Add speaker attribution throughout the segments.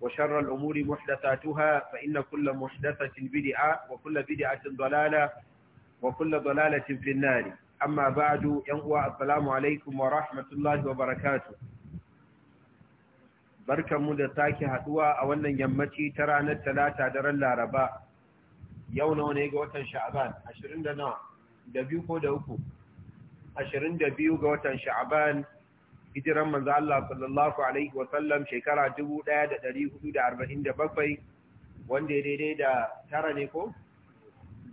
Speaker 1: وشر الأمور محدثاتها فإن كل محدثة بدعة وكل بدعة ضلالة وكل ضلالة في النار أما بعد ينقوى السلام عليكم ورحمة الله وبركاته barkanmu da sake haɗuwa a wannan yammaci ta ranar talata daren laraba yau nawa ne ga watan sha'aban 29 da biyu ko da uku ga watan sha'aban hijiran manzo Allah sallallahu alaihi wa sallam shekara 1447 wanda ya daidai da tara ne ko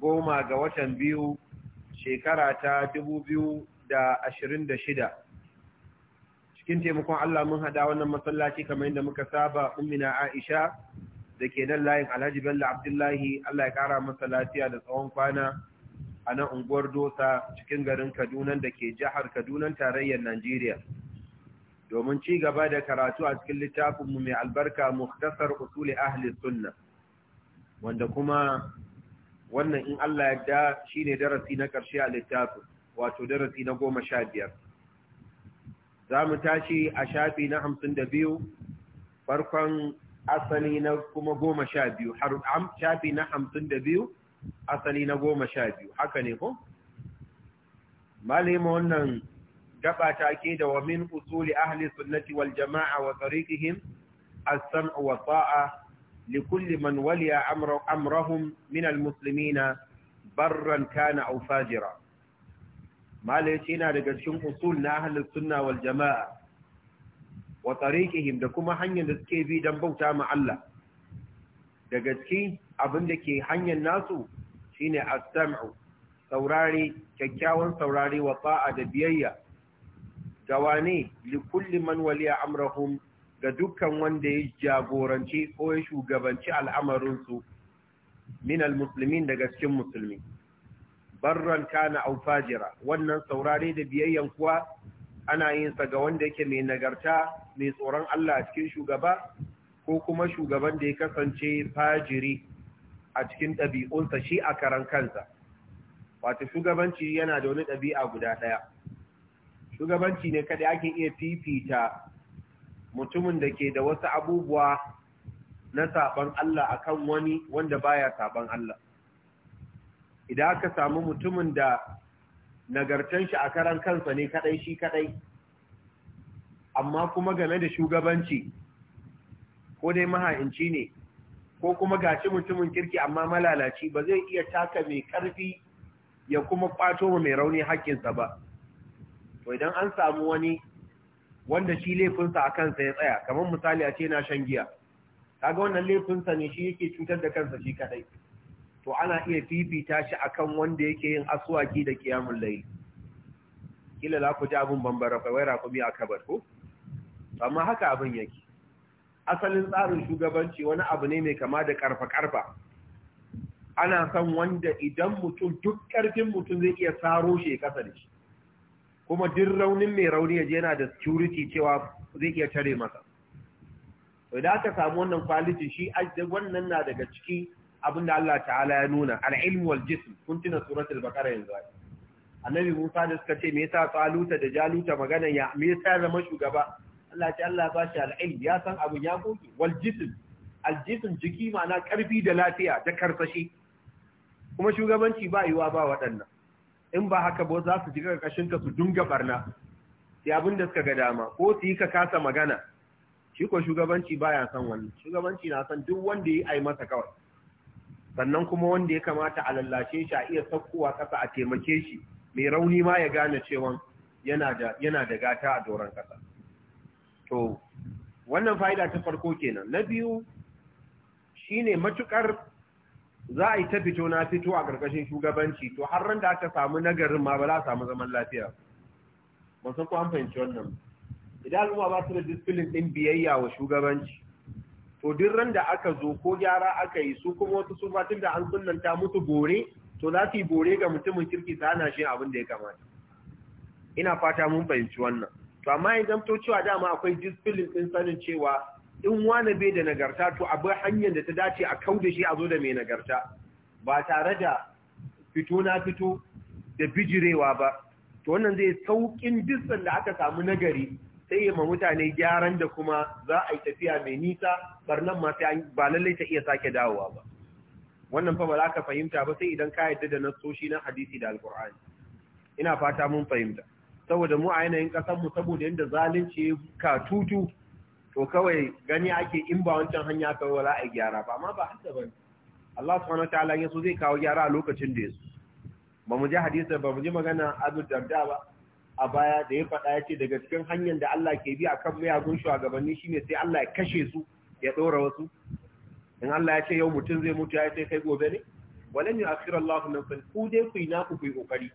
Speaker 1: goma ga watan biyu shekara ta 2026 cikin taimakon Allah mun hada wannan masallaci kamar yadda muka saba ummina Aisha dake nan layin Alhaji Bello Abdullahi Allah ya kara masa lafiya da tsawon kwana a nan unguwar Dosa cikin garin Kaduna da ke jihar Kaduna tarayyar Najeriya. domin ci gaba da karatu a cikin littafinmu mai albarka muktasar usuli ahli sunna wanda kuma wannan in Allah ya da shi ne darasi na ƙarshe a littafin wato darasi na goma sha biyar za mu tashi a shafi na hamsin da biyu farkon asali na kuma goma sha biyu shafi na hamsin da biyu asali na goma sha biyu haka ne ko? malima wannan gaba ta ke da wa min usuli ahli sunnati wal jama'a wa tariqihim as-sam'u wa ta'a li kulli man waliya amrahum min al-muslimina barran kana aw fajira malai na daga cikin usul na ahli sunna wal jama'a wa tariqihim da kuma hanyar da suke bi dan bauta ma Allah daga cikin abin da ke hanyar nasu shine as-sam'u saurari kyakkyawan saurari wa ta'a da biyayya Gawane, likulli man waliya amrahum ga dukkan wanda ya jagoranci ko ya shugabanci al'amarinsu min almuslimin daga cikin musulmi barran kana aw fajira wannan saurare da biyayyan kuwa ana yin sa ga wanda yake mai nagarta mai tsoron Allah a cikin shugaba ko kuma shugaban da ya kasance fajiri a cikin ɗabi'unsa shi a karan kansa wato shugabanci yana da wani ɗabi'a guda ɗaya shugabanci ne kada ake iya fifita mutumin da ke da wasu abubuwa na saban Allah akan wani wanda baya saban Allah idan aka samu mutumin da nagartan shi a karan kansa ne kadai shi kadai amma kuma game da shugabanci ko dai maha'inci ne ko kuma gashi mutumin kirki amma malalaci ba zai iya taka mai karfi ya kuma kwato mai rauni haƙƙinsa ba to idan an samu wani wanda shi laifinsa a kansa ya tsaya kamar misali a ce na shan giya kaga wannan laifinsa ne shi yake cutar da kansa shi kadai to ana iya fifita shi akan wanda yake yin aswaki da kiyamun layi kila la ku ji abin bambara kai waira ku a kabar ko amma haka abin yake asalin tsarin shugabanci wani abu ne mai kama da karfa karfa ana san wanda idan mutum duk karfin mutum zai iya saro shi ya kasa da shi kuma duk raunin mai rauni ya jena yana da security cewa zai iya tare masa da aka samu wannan kwaliti shi wannan na daga ciki abinda Allah ta'ala ya nuna al wal jism kun tuna suratul baqara yanzu annabi Musa da suka ce me yasa Taluta da Jaluta magana ya me yasa zama shugaba Allah ce Allah ba shi ya san abin ya koki wal jism al-jism jiki ma'ana karfi da lafiya da karsashi kuma shugabanci ba yiwa ba waɗannan in ba haka ba za su ji karkashin ka su dunga barna sai abin da suka ga dama ko su yi ka kasa magana shi ko shugabanci ya son wannan shugabanci na san duk wanda ya yi masa kawai sannan kuma wanda ya kamata a lallace shi a iya saukowa kasa a taimake shi mai rauni ma ya gane cewa yana da gata a doron ƙasa. to wannan fa'ida ta farko kenan na biyu shine matukar za a yi ta fito na fito a ƙarƙashin shugabanci to har ran da aka samu nagarin ma ba za a samu zaman lafiya ba san ko an fahimci wannan idan al'umma ba su da discipline din biyayya wa shugabanci to duk ran da aka zo ko gyara aka yi su kuma wasu su fatin da an sunanta musu bore to za su yi bore ga mutumin kirki ta hana shi abin da ya kamata ina fata mun fahimci wannan to amma idan to cewa dama akwai discipline din sanin cewa in wane bai da nagarta to abin hanyar da ta dace a kau da shi a zo da mai nagarta ba tare da fito na fito da bijirewa ba to wannan zai saukin disan da aka samu nagari sai yi ma mutane gyaran da kuma za a yi tafiya mai nisa barnan masu ba lallai ta iya sake dawowa ba wannan fa ba za ka fahimta ba sai idan ka yadda da nassoshi na hadisi da alkur'ani ina fata mun fahimta saboda mu a yanayin ƙasar mu saboda yadda zalunci ka tutu to kawai gani ake in ba wancan hanya kawai wala a gyara ba amma ba haka ba Allah subhanahu wa ta'ala so zai kawo gyara a lokacin da ya ba mu ji hadisi ba mu ji magana Abu Darda ba a baya da ya faɗa ya ce daga cikin hanyar da Allah ke bi akan mayagun shugabanni shine sai Allah ya kashe su ya ɗora wasu in Allah ya ce yau mutum zai mutu ya ce kai gobe ne walan yu'akhiru Allahu nafsan ku dai ku ina ku ku yi kokari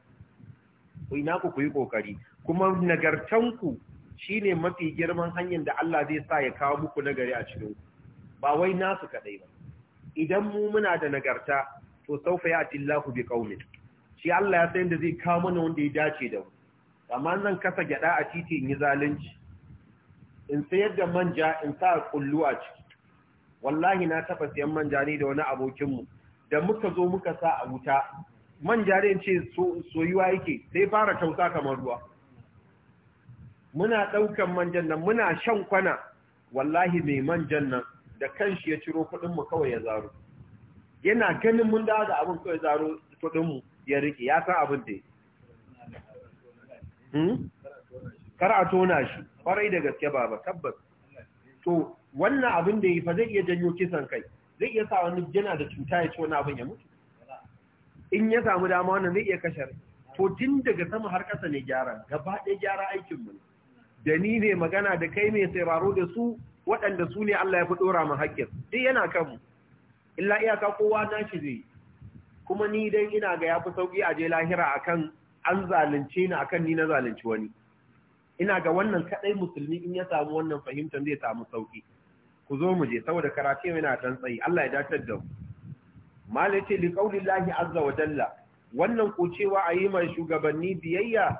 Speaker 1: ku ina ku ku yi kokari kuma nagartanku Shi ne mafi girman hanyar da Allah zai sa ya kawo muku nagari a cikin ba wai nasu kadai ba idan mu muna da nagarta to saufa ya'ti Lahu bi qaumin shi Allah ya san da zai kawo mana wanda ya dace da mu amma zan kasa gyada a titi in yi zalunci in sayar da manja in sa a kullu a ciki wallahi na taɓa siyan manja ne da wani abokin mu da muka zo muka sa a wuta manja ne ce soyuwa yake sai fara tausa kamar ruwa muna ɗaukan manjan nan muna shan kwana wallahi mai manjan nan da kanshi ya ciro kuɗinmu kawai ya zaro yana ganin mun dawo da abin kawai zaro kuɗinmu ya riƙe ya san abin da hmm? kar a tona shi kwarai da gaske baba tabbas to wannan abin da yi fa zai iya janyo kisan kai zai iya sa wani yana da cuta ya ci wani abin ya mutu in ya samu dama wannan zai iya kashar to tun daga sama har ƙasa ne gyara gaba ɗaya gyara aikin mu ne da ni ne magana da kai mai sauraro da su waɗanda su ne Allah ya fi ɗora mu haƙƙin duk yana kanmu illa iyaka kowa na shi zai kuma ni dan ina ga ya fi sauƙi a je lahira akan an zalunce ni akan ni na zalunci wani ina ga wannan kaɗai musulmi in ya samu wannan fahimtar zai samu sauƙi ku zo mu je saboda karatu yana dan tsayi Allah ya dace da mu ce, li qaulillahi azza wa jalla wannan ko cewa yi mai shugabanni biyayya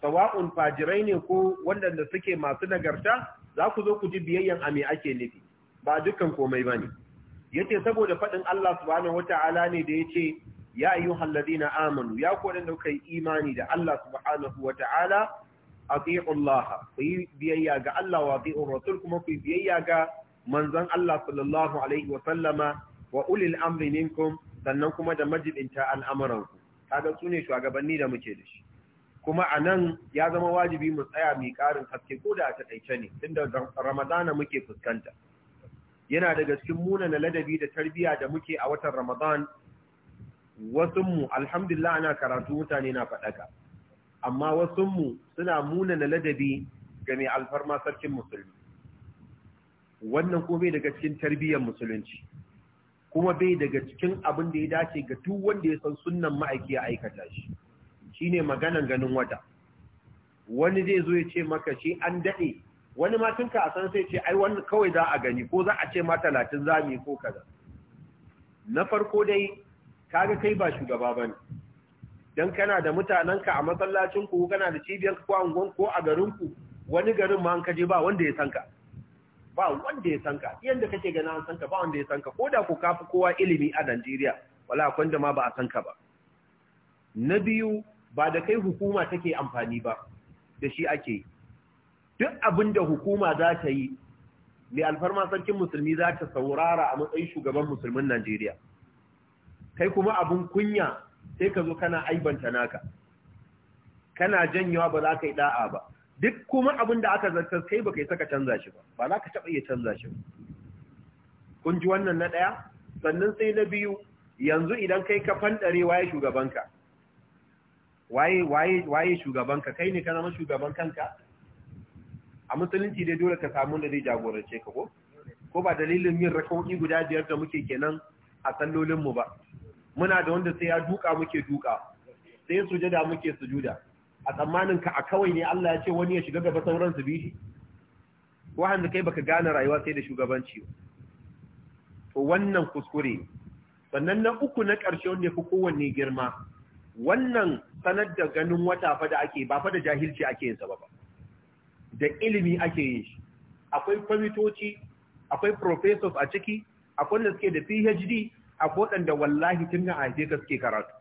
Speaker 1: sawa'un fajirai ne ko wadanda suke masu nagarta za ku zo ku ji biyayyan a me ake nufi ba dukkan komai ba ne yace saboda faɗin Allah subhanahu Ta'ala ne da yace ya ayyuhal ladina amanu ya ku da kai imani da Allah subhanahu wata'ala ati'u Allah ku yi biyayya ga Allah wa ati'u rasul kuma ku yi biyayya ga manzon Allah sallallahu alaihi wa sallama wa ulil amri minkum sannan kuma da majibinta al'amuranku kaga su ne shugabanni da muke da shi kuma a nan ya zama wajibi mu tsaya mai karin haske ko da a taɗaice ne da ramadana muke fuskanta yana daga cikin munana ladabi da tarbiyya da muke a watan ramadan wasunmu alhamdulillah ana karatu mutane na faɗaka amma wasunmu suna munana ladabi ga mai alfarma sarkin musulmi wannan kuma bai daga cikin tarbiyyar musulunci kuma bai daga cikin abin da ya dace ga duk wanda ya san sunnan ma'aiki ya aikata shi ne maganan ganin wata wani zai zo ya ce maka shi an daɗe. wani ma a san sai ce ai wani kawai za a gani ko za a ce ma 30 zami ko kaza na farko dai kaga kai ba shugaba ba ne don kana da mutanenka a matsalacinku kana da cibiyar ku ko a garinku, wani garin ma an kaje ba wanda ya sanka ba wanda ya sanka yanda kake gana an sanka ba wanda ya sanka ko da ku kafi kowa ilimi a Najeriya wala akwai da ma ba a sanka ba na biyu ba da kai hukuma take amfani ba da shi ake duk abin da hukuma za ta yi mai alfarma sarkin musulmi za ta saurara a matsayin shugaban musulmin Najeriya kai kuma abin kunya sai ka zo kana aibanta naka kana janyawa ba za ka yi da'a ba duk kuma abin da aka zartar kai ba kai saka canza shi ba ba za ka taɓa iya canza shi ba kun ji wannan na ɗaya sannan sai na biyu yanzu idan kai ka ɗarewa ya shugabanka waye shugaban ka kai ne ka zama shugaban kanka a musulunci dai dole ka samu da zai jagorance ka ko ko ba dalilin yin rakauki guda biyar da muke kenan a sallolin ba muna da wanda sai ya duka muke duka sai sujada muke sujuda a tsammanin ka a kawai ne Allah ya ce wani ya shiga gaba sauran su Ko wahanda kai baka gane rayuwa sai da shugabanci to wannan kuskure sannan na uku na ƙarshe wanda ya fi kowanne girma wannan sanar da ganin wata fada ake ba fa da jahilci ake yin sa ba da ilimi ake yin shi akwai kwamitoci akwai professors a ciki akwai na suke da PhD akwai da wallahi tun da aje ka suke karatu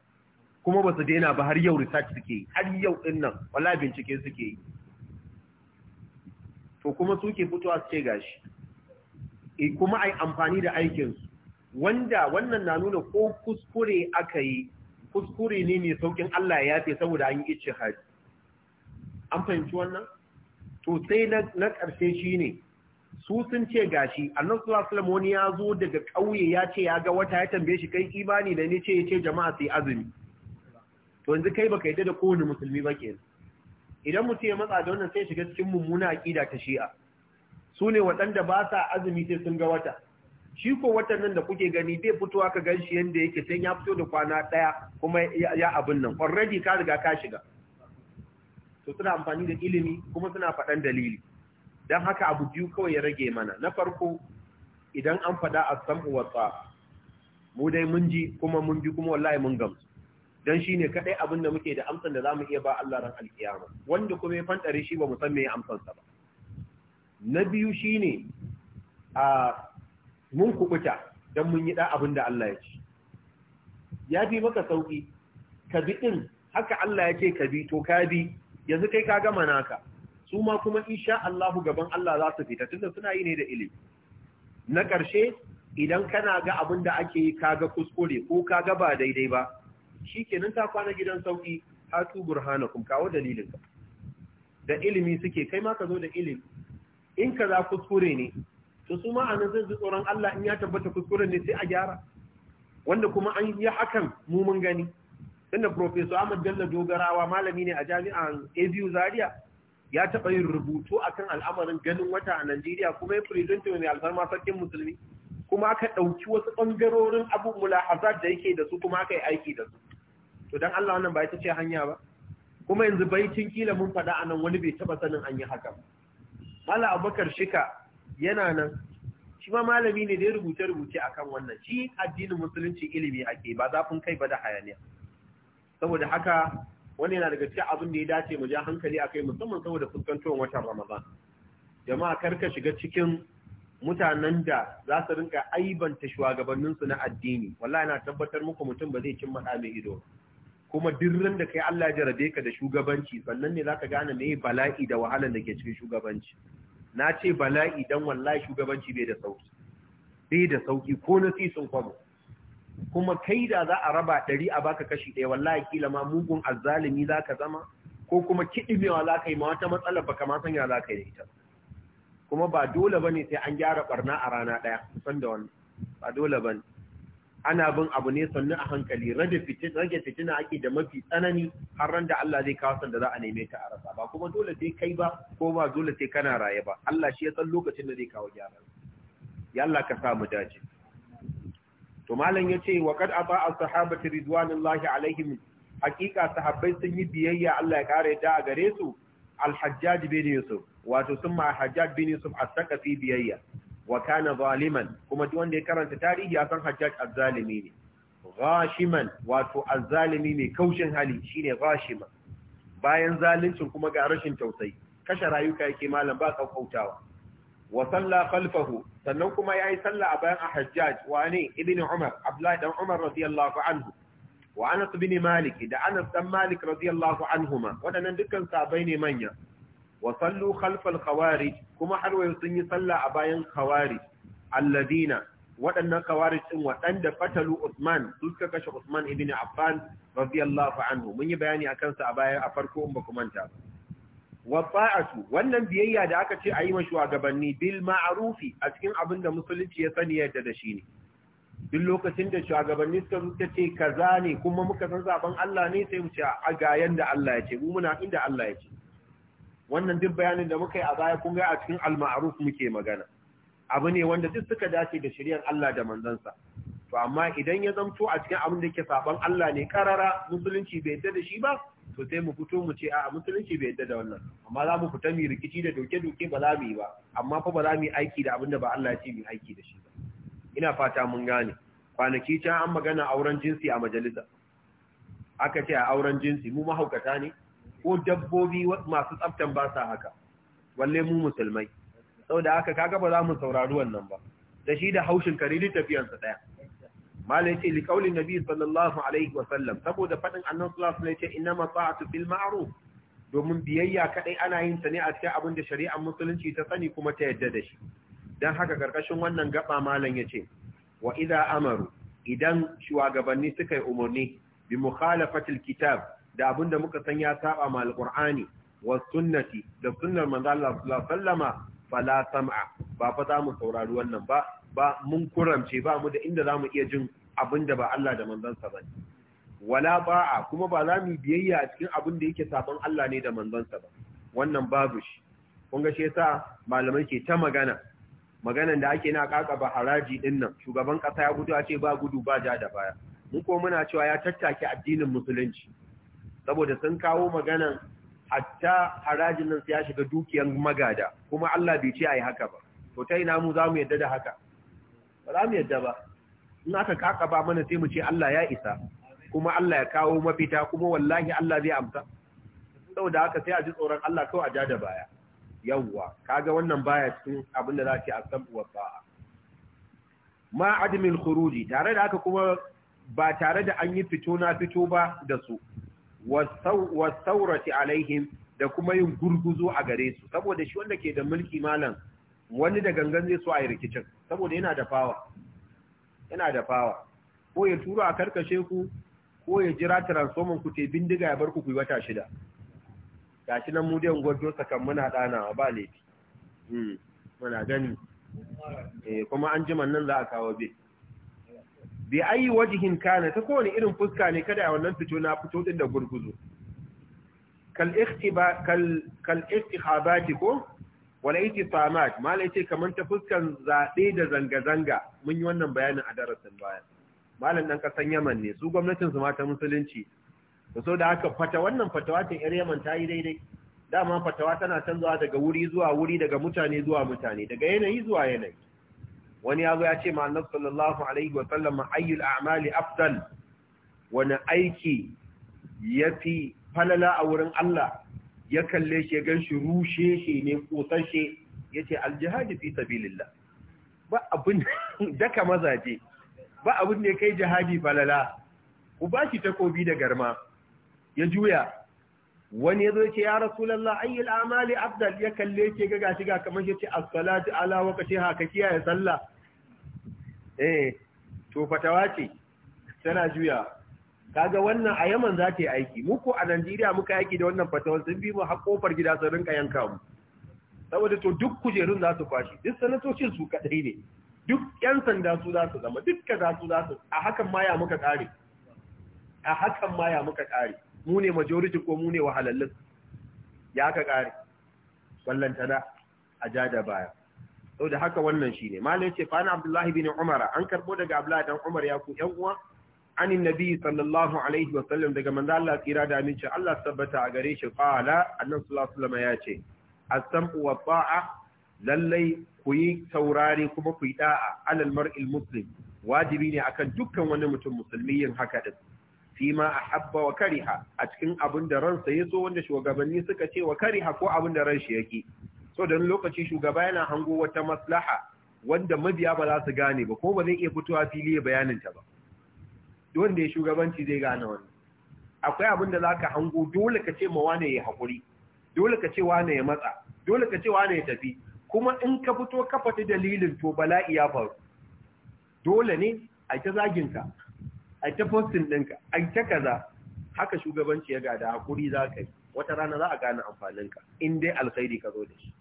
Speaker 1: kuma ba su daina ba har yau research suke yi har yau din nan wallahi bincike suke yi to kuma suke fitowa su ce gashi e kuma ai amfani da aikin wanda wannan na nuna ko kuskure aka yi kuskure ne mai saukin Allah ya yafe saboda an yi ice haji an fahimci wannan to sai na ƙarshe shi ne su sun ce gashi annan sulasulam wani ya zo daga ƙauye ya ce ya ga wata ya tambaye shi kai imani da ni ce ya ce jama'a sai azumi to yanzu kai baka yadda da kowane musulmi ba ke idan mutum ya matsa da wannan sai shiga cikin mummuna aƙida ta shi'a su ne waɗanda ba sa azumi sai sun ga wata shi ko watan nan da kuke gani bai fitowa ka gan shi yanda yake sai ya fito da kwana daya kuma ya abin nan already ka riga ka shiga to suna amfani da ilimi kuma suna faɗan dalili don haka abu biyu kawai ya rage mana na farko idan an faɗa a sam'u wasa mu dai mun ji kuma mun bi kuma wallahi mun gamsu don shi ne kaɗai abin da muke da amsan da za mu iya ba Allah ran alkiyama wanda kuma ya fantare shi ba mu san me amsansa ba na biyu shi ne a mun kubuta don mun yi da abin da Allah ya ce ya bi maka sauƙi ka bi ɗin haka Allah yake ka bi to ka bi yanzu kai ka gama naka su ma kuma insha Allahu gaban Allah za su fita tunda suna yi ne da ilimi na ƙarshe idan kana ga abin da ake yi ka ga kuskure ko ka ga ba daidai ba shikenan ta kwana gidan sauki hatu burhanakum kawo dalilin da ilimi suke kai ma ka zo da ilimi in ka za kuskure ne to su ma anan zai tsoron Allah in ya tabbata kuskuren ne sai a gyara wanda kuma an yi hakan mu mun gani tunda professor Ahmad Bello Dogarawa malami ne a jami'an ABU Zaria ya taba yin rubutu akan al'amarin ganin wata a Najeriya kuma ya presenti mai alfarma sarkin musulmi kuma aka ɗauki wasu bangarorin abu mulahazat da yake da su kuma aka yi aiki da su to don Allah wannan ba ita ce hanya ba kuma yanzu baitin kila mun fada anan wani bai taba sanin an yi haka Mala Abubakar Shika yana nan shi ma malami ne da ya rubuce-rubuce akan wannan shi addinin musulunci ilimi ake ba zafin kai ba da hayaniya saboda haka wani yana daga cikin abin da ya dace mu ja hankali akai musamman saboda fuskantowar watan Ramadan jama'a kar ka shiga cikin mutanen da za su rinka aibanta shugabanninsu na addini wallahi na tabbatar muku mutum ba zai cin mada mai ido kuma dirrin da kai Allah ya jarabe ka da shugabanci sannan ne zaka gane me bala'i da wahalar da ke cikin shugabanci na ce bala'i don wallahi shugabanci bai da sauki bai da sauki ko na sun kwamo kuma kai da za a raba ɗari a baka kashi ɗaya wallahi kila ma mugun azalimi za ka zama ko kuma kiɗimewa za ka yi ma wata matsalar baka ma sanya za ka yi da ita kuma ba dole ba ne sai an gyara ɓarna a rana ɗaya kusan da ba dole ana bin abu ne sannu a hankali rage fitina ake da mafi tsanani har ran da Allah zai kawo sanda za a neme ta a rasa ba kuma dole sai kai ba ko ba dole sai kana raye ba Allah shi ya san lokacin da zai kawo gyara ya Allah ka samu dace to malam yace wa qad ata as-sahabati ridwanullahi alaihim hakika sahabbai sun yi biyayya Allah ya kare ta a gare su al-hajjaj bin yusuf wato sun ma hajjaj bin yusuf as-saqafi biyayya wa kana zaliman kuma duk wanda ya karanta tarihi ya san Hajjaj azzalimi ne ghashiman wato azzalimi mai kaushin hali shine Rashima. bayan zaluncin kuma ga rashin tausayi kashe rayuka yake malam ba kaukautawa wa salla khalfahu sannan kuma yayi salla a bayan Hajjaj wa ne ibnu Umar Abdullahi dan Umar radiyallahu anhu wa Anas bin Malik da Anas dan Malik radiyallahu anhuma wadannan dukkan sabai ne manya wa sallu khalfal khawarij kuma har wayo sun yi sallah a bayan khawarij alladina waɗannan khawarij din waɗanda fatalu Usman su suka kashe Usman ibn Affan radiyallahu anhu mun yi bayani akan sa a baya a farko in ba ku manta wa ta'atu wannan biyayya da aka ce ayi ma shugabanni bil ma'rufi a cikin abin da musulunci ya sani yadda da shi ne duk lokacin da shugabanni suka zuka ce kaza ne kuma muka san zaben Allah ne sai mu ce a ga yanda Allah ya ce mu muna inda Allah ya ce wannan duk bayanin da muka yi a baya kun ga a cikin al-ma'ruf muke magana abu ne wanda duk suka dace da shari'ar Allah da manzansa to amma idan ya zamto a cikin abin da yake saban Allah ne karara musulunci bai yadda da shi ba to sai mu fito mu ce a musulunci bai yadda da wannan amma za mu fita mu rikici da doke doke ba za mu yi ba amma fa ba za mu yi aiki da abin da ba Allah ya ce mu aiki da shi ba ina fata mun gane kwanaki can an magana auren jinsi a majalisa aka ce a auren jinsi mu mahaukata ne ko dabbobi masu tsaftan ba sa haka walle mu musulmai da haka kaga ba za mu saurari wannan ba da shi da haushin kare duk tafiyansa daya malai ce li kaulin nabi sallallahu alaihi wa sallam saboda faɗin annan sallallahu ne ce sallam inna fil ma'ruf domin biyayya kaɗai ana yin ta ne a cikin abin da shari'ar musulunci ta sani kuma ta yadda da shi dan haka karkashin wannan gaba malam ya wa Wa'iza amaru idan shugabanni suka yi umarni bi mukhalafatil kitab da abin da muka san ya saba ma alqur'ani wa sunnati da sunnar manzo Allah sallallahu alaihi wasallama fala sam'a ba fa za saurari wannan ba ba mun kuramce ba mu da inda zamu iya jin abin da ba Allah da sa ba wala ba'a kuma ba za mu biyayya a cikin abin da yake saban Allah ne da sa ba wannan babu shi kun ga shi yasa malamai ke ta magana maganan da ake na kaka ba haraji din nan shugaban kasa ya gudu a ce ba gudu ba ja da baya mun ko muna cewa ya tattake addinin musulunci saboda sun kawo maganan hatta harajin nan ya shiga dukiyar magada kuma Allah bai ce ai haka ba to tai ina mu zamu yadda da haka ba za yadda ba in aka kaka ba mana sai mu ce Allah ya isa kuma Allah ya kawo mafita kuma wallahi Allah zai amsa saboda haka sai a ji tsoron Allah kawai a ja da baya yawwa kaga wannan baya cikin abin da za a san uwar ba. ma admin khuruji tare da haka kuma ba tare da an yi fito na fito ba da su wasaurati alaihim da kuma yin gurguzo a gare su saboda shi wanda ke da mulki malam wani da gangan zai so a yi rikicin saboda yana da fawa yana da fawa ko ya turo a karkashe ku ko ya jira transformer ku te bindiga ya bar ku ku wata shida gashi nan mu dai gwarjo sakan muna dana ba laifi hmm, muna gani eh kuma an nan za a kawo bai bi ayi wajihin kana ta kowane irin fuska ne kada a wannan fito na fito din da gurguzu kal ikhtiba kal kal ikhtihabati ko wala itisamat mala yace kaman ta fuskan zade da zanga zanga mun yi wannan bayanin a darasin baya malam dan kasan Yaman ne su gwamnatin su mata musulunci so da haka fata wannan fatawa ta yar Yaman ta yi daidai dama fatawa tana canzawa daga wuri zuwa wuri daga mutane zuwa mutane daga yanayi zuwa yanayi wani ya zo ya ce ma annabi sallallahu alaihi wa sallam ayyul a'mali afdal wani aiki Ya fi falala a wurin Allah ya kalle shi ya ganshi rushe shi ne kosashe yace aljihad fi sabilillah ba abin daka mazaje ba abin ne kai jihadi falala ku ba shi takobi da garma ya juya wani ya zo ya ce ya rasulallah ayyul amali afdal ya kalle shi ga gashi ga kamar shi ce as-salatu ala waqtiha ka kiyaye sallah eh to fatawa ce tana juya kaga wannan a Yaman za ta yi aiki mu ko a Najeriya muka yaki da wannan fatawa sun bi mu har kofar gida sun rinka yanka mu saboda to duk kujerun za su kwashi duk sanatocin su kadai ne duk yan sanda su za su zama dukka za su za su a hakan ma ya muka kare a hakan ma ya muka kare mu ne majority ko mu ne wahalallun ya ka kare ballantana a ja da baya da haka wannan ne. malai ce fa na abdullahi bin umara an karbo daga abdullahi dan umar ya ku yan uwa anin nabi sallallahu alaihi wa sallam daga manzo Allah tsira da aminci Allah tabbata a gare shi qala annabi sallallahu ya ce as-sam'u wa lallai ku yi taurari kuma ku yi da'a alal mar'il muslim wajibi ne akan dukkan wani mutum musulmi yin haka din fi ma ahabba wa kariha a cikin abin da ransa ya so wanda shugabanni suka ce wa kariha ko abin da ransa yake so don lokaci shugaba yana hango wata maslaha wanda mabiya ba za su gane ba ko ba zai iya fitowa fili ya bayanin ta ba wanda ya shugabanci zai gane wannan akwai abin da zaka hango dole ka ce ma wane ya hakuri dole ka ce wane ya matsa dole ka ce wane ya tafi kuma in ka fito ka fata dalilin to bala'i ya faru dole ne a ta zaginka a ta postin ɗinka a ta kaza haka shugabanci ya gada hakuri za ka yi wata rana za a gane amfaninka in dai alkhairi ka zo da shi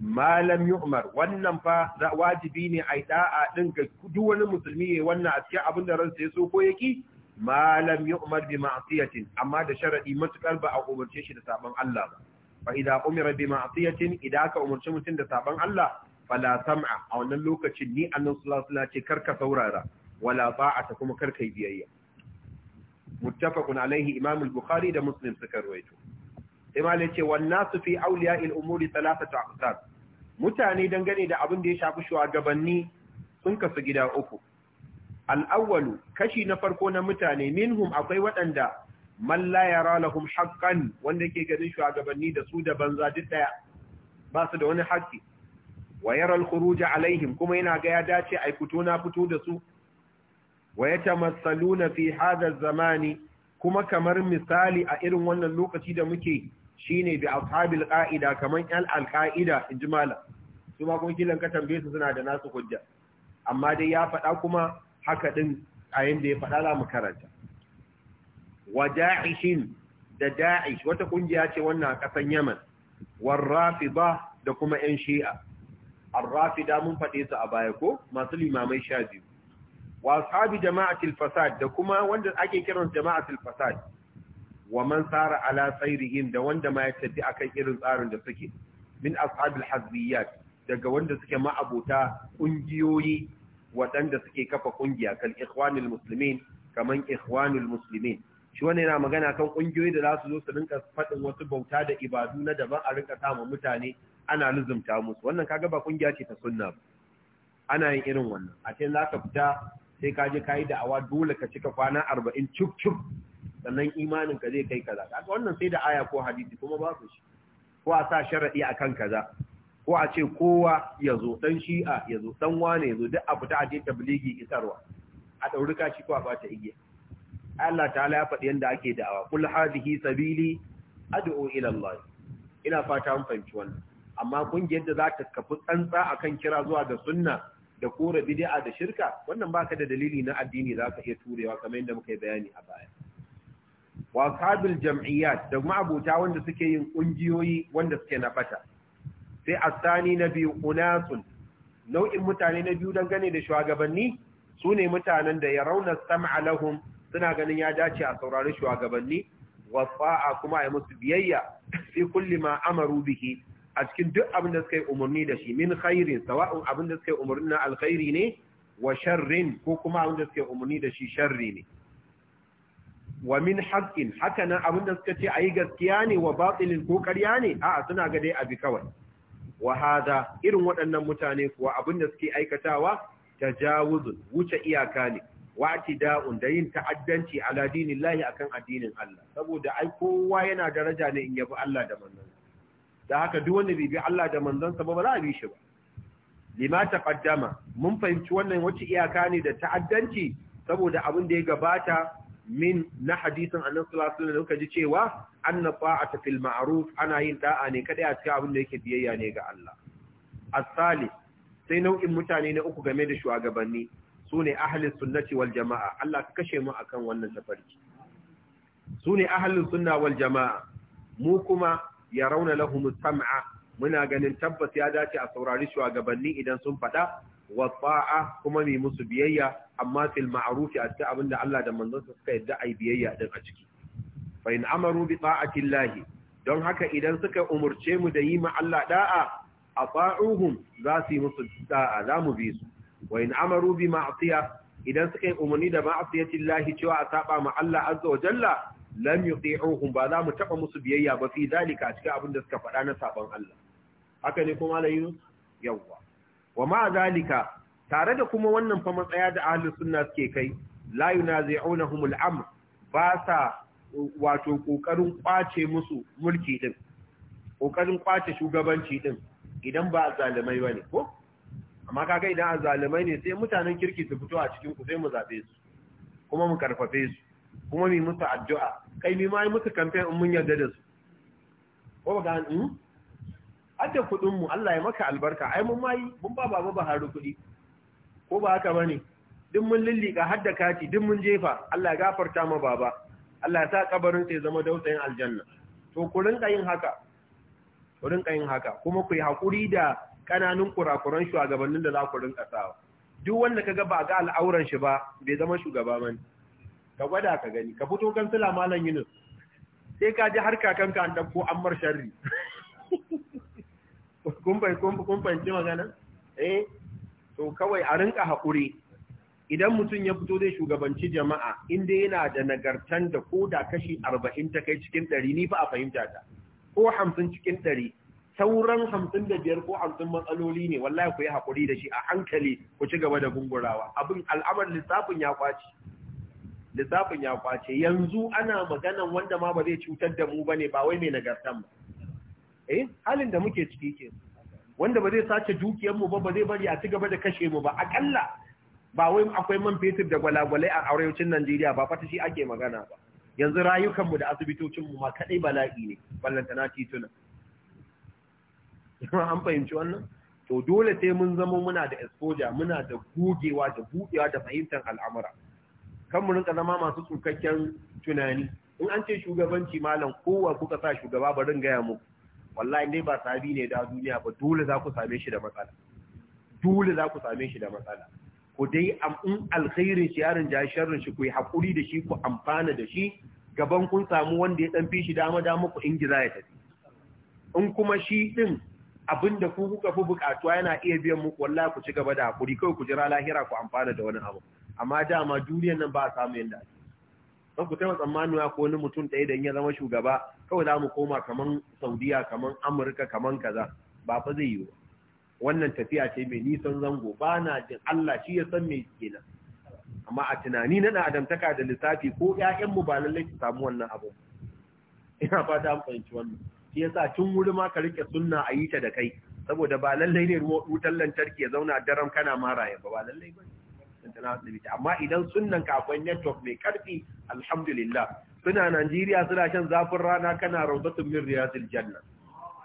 Speaker 1: malam yu'mar wannan fa wajibi ne ai da'a din ga duk wani musulmi ne wannan a cikin abin da ransa ya so ko yaki malam yu'mar bi ma'siyatin amma da sharadi matukar ba a umarce shi da saban Allah ba fa idza umira bi ma'siyatin idan ka umarci mutum da saban Allah fala sam'a a wannan lokacin ni annabi sallallahu alaihi wasallam ce karka saurara wala ta kuma karka biyayya muttafaqun alaihi imam al-bukhari da muslim suka rawaito imam yace wan nasu fi awliya'il umuri thalathatu aqsam mutane dangane da abin da ya shafi shugabanni sun kasu gida uku al-awwalu kashi na farko na mutane minhum akwai waɗanda man la yara lahum haqqan wanda yake ganin shugabanni da su da banza duk daya ba su da wani haƙƙi wa yara al-khuruj alaihim kuma yana ga ya dace ai fito na fito da su wa yatamassaluna fi hadha zamani kuma kamar misali a irin wannan lokaci da muke shine bi ashabil qa'ida kaman al alqa'ida ijmala su ma kilan ka tambaye su suna da nasu hujja amma dai ya faɗa kuma haka din a yanda ya faɗa la mu karanta wa da'ishin da da'ish wata kungiya ce wannan a Yaman war rafida da kuma 'yan shi'a ar rafida mun faɗe su a baya ko masu limamai sha biyu wa ashabi jama'atil fasad da kuma wanda ake kiran jama'atil fasad wa man sara ala da wanda ma ya tafi akan irin tsarin da suke min ashabil hazbiyat daga wanda suke ma'abota kungiyoyi waɗanda suke kafa kungiya kal ikhwanul muslimin kaman ikhwanul muslimin shi wannan yana magana kan kungiyoyi da za su zo su rinka faɗin wasu bauta da ibadu na daban a rinka samu mutane ana luzumta musu wannan kaga ba kungiya ce ta sunna ba ana yin irin wannan a ce za ka fita sai ka je ka yi da'awa dole ka cika kwana arba'in cuk cuk sannan imanin ka zai kai kaza kaga wannan sai da aya ko hadisi kuma ba su shi ko a sa sharadi akan kaza ko a ce kowa ya zo dan shi'a ya zo dan wane ya zo duk a fita a je tabligi isarwa a dauri kashi ko a bata igiya Allah ta'ala ya faɗi yanda ake da'awa kul hadhihi sabili ad'u ila Allah ina fata an fahimci wannan amma kungiyar da za ta kafi tsantsa akan kira zuwa ga sunna da kora bid'a da shirka wannan baka da dalili na addini zaka iya turewa kamar yadda muka yi bayani a baya wa kabil jam'iyyat da kuma abota wanda suke yin kungiyoyi wanda suke na bata sai asani na biyu unasun nau'in mutane na biyu dangane da shugabanni sune mutanen da ya rauna sam'a lahum suna ganin ya dace a saurari shugabanni wa kuma a musu biyayya fi kulli ma amaru bihi a cikin duk abin da suka yi umarni da shi min khairin sawa'un abin da suka yi umarni na alkhairi ne wa sharrin ko kuma abin da suka yi umarni da shi sharri ne wa min haqqin haka nan abin da suka ce ayi gaskiya ne wa batilin ko ƙarya ne a'a suna ga dai abi kawai wa hada irin waɗannan mutane kuwa abin da suke aikatawa tajawuzun wuce iyaka ne wa'tida'un da yin ta'addanci ala dinillahi akan addinin Allah saboda ai kowa yana daraja ne in yabi Allah da manzon da haka duk wanda bai bi Allah da sa ba ba za a bi shi ba lima taqaddama mun fahimci wannan wace iyaka ne da ta'addanci saboda abin da ya gabata min na hadisin annabi sallallahu alaihi wasallam ji cewa anna ta'ata fil ma'ruf ana yin da'a ne kada a cikin abin da yake biyayya ne ga Allah asali sai nau'in mutane na uku game da shugabanni sune ahli sunnati wal jama'a Allah ka kashe mu akan wannan tafarki sune ahli sunna wal jama'a mu kuma ya rauna lahumus sam'a muna ganin tabbas ya dace a saurari shugabanni idan sun faɗa wa ta'a kuma mai musu biyayya amma fil ma'ruf a cikin abinda Allah da manzonsa suka yadda ai biyayya din a ciki fa in amaru bi ta'ati Allah don haka idan suka umurce mu da yi ma Allah da'a ata'uhum za su yi musu da'a za mu bi su wa in amaru bi ma'siya idan suka yi umarni da ma'siyati Allah cewa a saba ma Allah azza wa jalla lam yuti'uhum ba za mu taba musu biyayya ba fi zalika a cikin abin da suka faɗa na saban Allah haka ne kuma alayhi yawwa wa ma zalika tare da kuma wannan fa matsaya da ahlus sunna suke kai la yunazi'unahum al-amr ba sa uh, wato kokarin kwace musu mulki din kokarin kwace shugabanci din idan ba zalimai bane ko amma kaga idan zalimai ne sai mutanen kirki su fito a cikin ku sai mu zabe su kuma mu karfafe su kuma mi musu addu'a kai mi ma yi musu kamfen in mun yarda da su ko ba ga in hmm? adda kudin mu Allah ya maka albarka ai mun yi, mun ba baba Buhari kudi ko ba haka bane duk mun lillika har da kati duk mun jefa Allah ya gafarta ma baba Allah ya sa kabarin sai zama dausayin aljanna to ku rinka yin haka ku rinka yin haka kuma ku yi hakuri da kananun kurakuran shugabannin da za ku rinka sawa duk wanda kaga ba ga al'auran shi ba bai zama shugaba bane ka gwada ka gani ka fito kansila malam yunus sai ka ji har kakanka an dauko an mar sharri kun fahimci magana eh to kawai a rinka haƙuri idan mutum ya fito zai shugabanci jama'a inda yana da nagartan da ko da kashi arba'in ta kai cikin ɗari ni fa a fahimta ta ko hamsin cikin ɗari sauran hamsin da biyar ko hamsin matsaloli ne wallahi ku yi haƙuri da shi a hankali ku ci gaba da gungurawa abin al'amar lissafin ya kwaci lissafin ya kwace yanzu ana maganan wanda ma ba zai cutar da mu bane ba wai mai nagartan ba eh halin da muke ciki ke wanda ba zai sace dukiyar mu ba ba zai bari a ci gaba da kashe mu ba akalla ba wai akwai man fetur da gwalagwale a arewacin Najeriya ba fata shi ake magana ba yanzu rayukan mu da asibitocin mu ma kadai bala'i ne na tituna an fahimci wannan to dole sai mun zama muna da exposure muna da gogewa da buɗewa da fahimtar al'amura kan mu rinka zama masu tsukakken tunani in an ce shugabanci malam kowa kuka sa shugaba bari gaya muku wallahi dai ba sabi ne da duniya ba dole za ku same shi da matsala dole za ku same shi da matsala ku dai in alkhairin shi yarin ja sharrin shi ku yi hakuri da shi ku amfana da shi gaban kun samu wanda ya dan fi shi dama dama ku ingiza ya tafi in kuma shi din abin da ku kuka fi bukatuwa yana iya biyan muku wallahi ku ci gaba da hakuri kawai ku jira lahira ku amfana da wani abu amma dama duniyar nan ba a samu yadda ake don ku taimaka tsammanin ko wani mutum ɗaya da ya zama shugaba kawai za mu koma kaman saudiya kaman amurka kaman kaza ba fa zai yi wannan tafiya ce mai nisan zango ba na jin allah shi ya san me nan amma a tunani na ɗan adamtaka da lissafi ko ƴaƴanmu ba lallai su samu wannan abu ina fata an fahimci wannan shi sa tun wuri ma ka rike sunna a yi ta da kai saboda ba lallai ne ruwa wutar lantarki ya zauna daram kana mara ya ba ba lallai ba ta na asibiti amma idan sunnan ka akwai network mai karfi alhamdulillah suna Najeriya suna shan zafin rana kana rawdatun min riyadil janna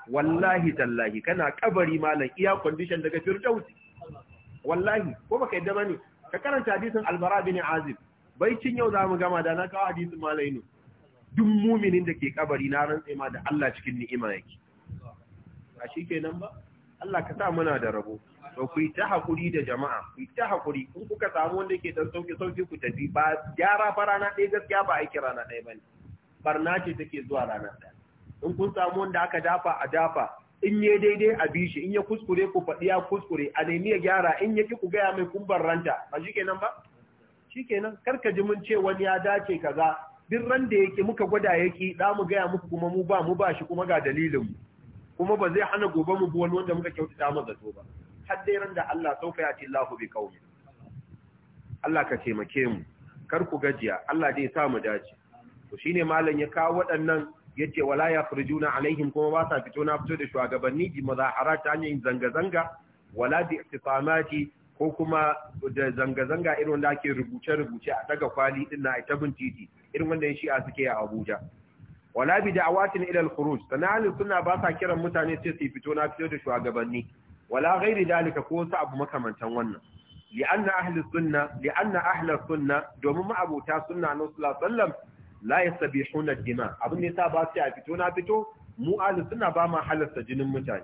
Speaker 1: wallahi tallahi kana kabari malam iya condition daga firdausi wallahi ko baka yadda bane ka karanta hadisin albara bin azib cin yau zamu gama da na kawo hadisin malainu duk muminin da ke kabari na rantse ma da Allah cikin ni'ima yake ba shikenan ba Allah ka sa muna da rabo to ku yi ta hakuri da jama'a ku yi ta hakuri kun kuka samu wanda ke dan sauki sauki ku tafi ba gyara fa rana ɗaya gaskiya ba aiki rana ɗaya bane barna ce take zuwa rana ɗaya in kun samu wanda aka dafa a dafa in ya daidai a bi shi in ya kuskure ku faɗi ya kuskure a nemi ya gyara in ya ki ku gaya mai kun ranta ba shi kenan ba shi kar karka ji mun ce wani ya dace kaza duk ran da yake muka gwada yake za mu gaya muku kuma mu ba mu ba shi kuma ga dalilin mu kuma ba zai hana gobe mu bi wani wanda muka kyautata masa to ba har da Allah saufa ya ce Allahu bi qaumi Allah ka taimake mu kar ku gajiya Allah dai sa mu dace to shine malam ya kawo waɗannan yace wala yakhrujuna alaihim kuma ba sa fito na fito da shugabanni ji muzaharat ta hanyar zanga zanga wala bi ko kuma da zanga-zanga irin wanda ake rubuce-rubuce a daga kwali din na ita bin titi irin wanda shi a suke a Abuja wala bi da'awatin ila al-khuruj suna ba sa kiran mutane sai su fito na fito da shugabanni wala ghairi dalika ko wasu abu makamantan wannan li'anna ahli sunna li'anna ahli sunna domin ma'abuta sunna na sallallahu alaihi wasallam la yasbihuna dima abin ne sa ba su a fito na fito mu ahli sunna ba ma halasta jinin mutane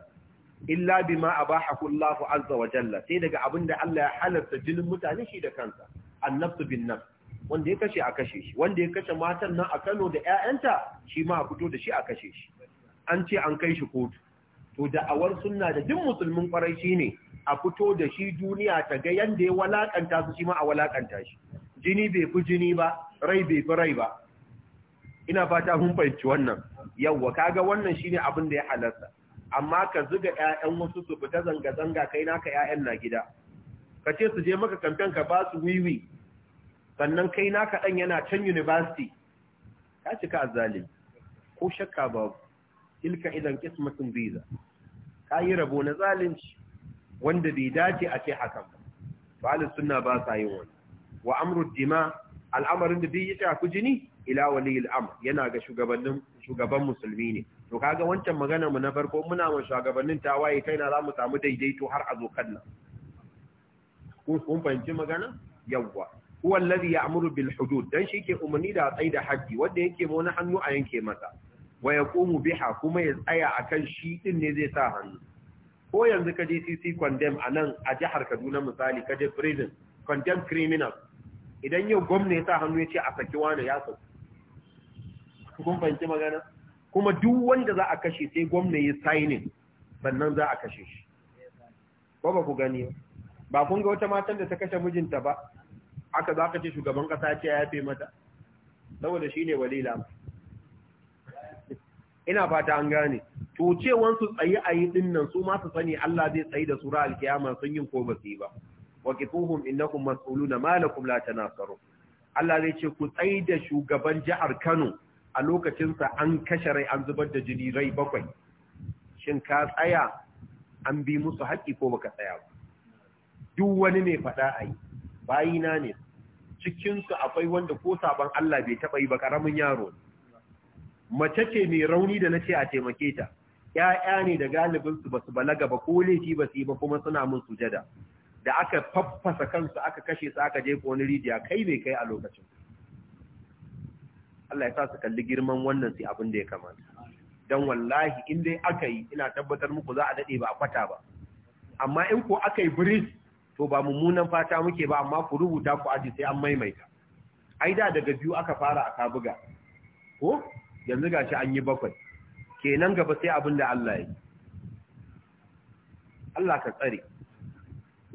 Speaker 1: illa bima abahahu Allah azza wa jalla sai daga abin da Allah ya halasta jinin mutane shi da kansa annafsu bin nafs wanda ya kashe a kashe shi wanda ya kashe matan nan a Kano da ƴaƴanta shi ma a fito da shi a kashe shi an ce an kai shi kotu to da'awar sunna da duk musulmin kwarai shine a fito da shi duniya ta ga yanda ya walakanta su shi ma a walakanta shi jini bai fi jini ba rai bai fi rai ba ina fata mun fahimci wannan yawwa kaga wannan shine abin da ya halarta amma ka zuga ƴaƴan wasu su fita zanga zanga kai naka ƴaƴan na gida ka ce su je maka kamfen ka ba su wiwi sannan kai naka dan yana can university ka cika azali ko shakka ba tilka idan qismatun biza ka yi rabo na zalunci wanda bai dace a ce hakan ba ba'alin suna ba sa wani wa amru dima al'amarin da duk ya shafi jini ila wali al'amr yana ga shugabannin shugaban musulmi ne to kaga wancan magana mu na farko muna wa shugabannin tawaye kai na zamu samu daidaito har a zo kan kun fahimci magana yawwa huwa alladhi ya'muru bil hudud dan shi ke umarni da tsaida haji wanda yake mu na hannu a yanke masa wa yaqumu biha kuma ya tsaya a akan shi ɗin ne zai sa hannu ko yanzu ka je CC condemn a nan a jihar Kaduna misali ka je prison condemn criminal idan yau gwamna ya sa hannu ya ce a saki wani ya sa kun fahimci magana kuma duk wanda za a kashe sai gwamna ya signing sannan za a kashe shi ko ku gani ba kun ga wata matan da ta kashe mijinta ba aka za ka ce shugaban kasa ce ya yafe mata saboda ne walila ina fata an gane to ce su tsayi ayi din nan su ma su sani Allah zai tsayi da sura alkiyama sun yin ko ba su yi ba Wa kifuhum innakum mas'uluna ma lakum la tanasaru Allah zai ce ku tsayi da shugaban jihar Kano a lokacin sa an kashe rai an zubar da jini rai bakwai shin ka tsaya an bi musu haƙi ko baka tsaya ba duk wani mai faɗa ayi bayina ne Cikinsu akwai wanda ko saban Allah bai taɓa yi ba karamin yaro ne mace ce mai rauni da na ce a taimake ta yaya ne da galibin su basu balaga ba ko laifi ba su yi ba kuma suna mun sujada da aka faffasa kansu aka kashe su aka je wani rijiya kai mai kai a lokacin Allah ya sa su kalli girman wannan sai abin da ya kamata dan wallahi in dai aka yi ina tabbatar muku za a dade ba a kwata ba amma in ko aka yi birij, to ba mummunan fata muke ba amma ku rubuta ku aji sai an maimaita ai da daga biyu aka fara aka buga ko yanzu gashi an yi bakwai kenan gaba sai abin da Allah ya yi Allah ka tsare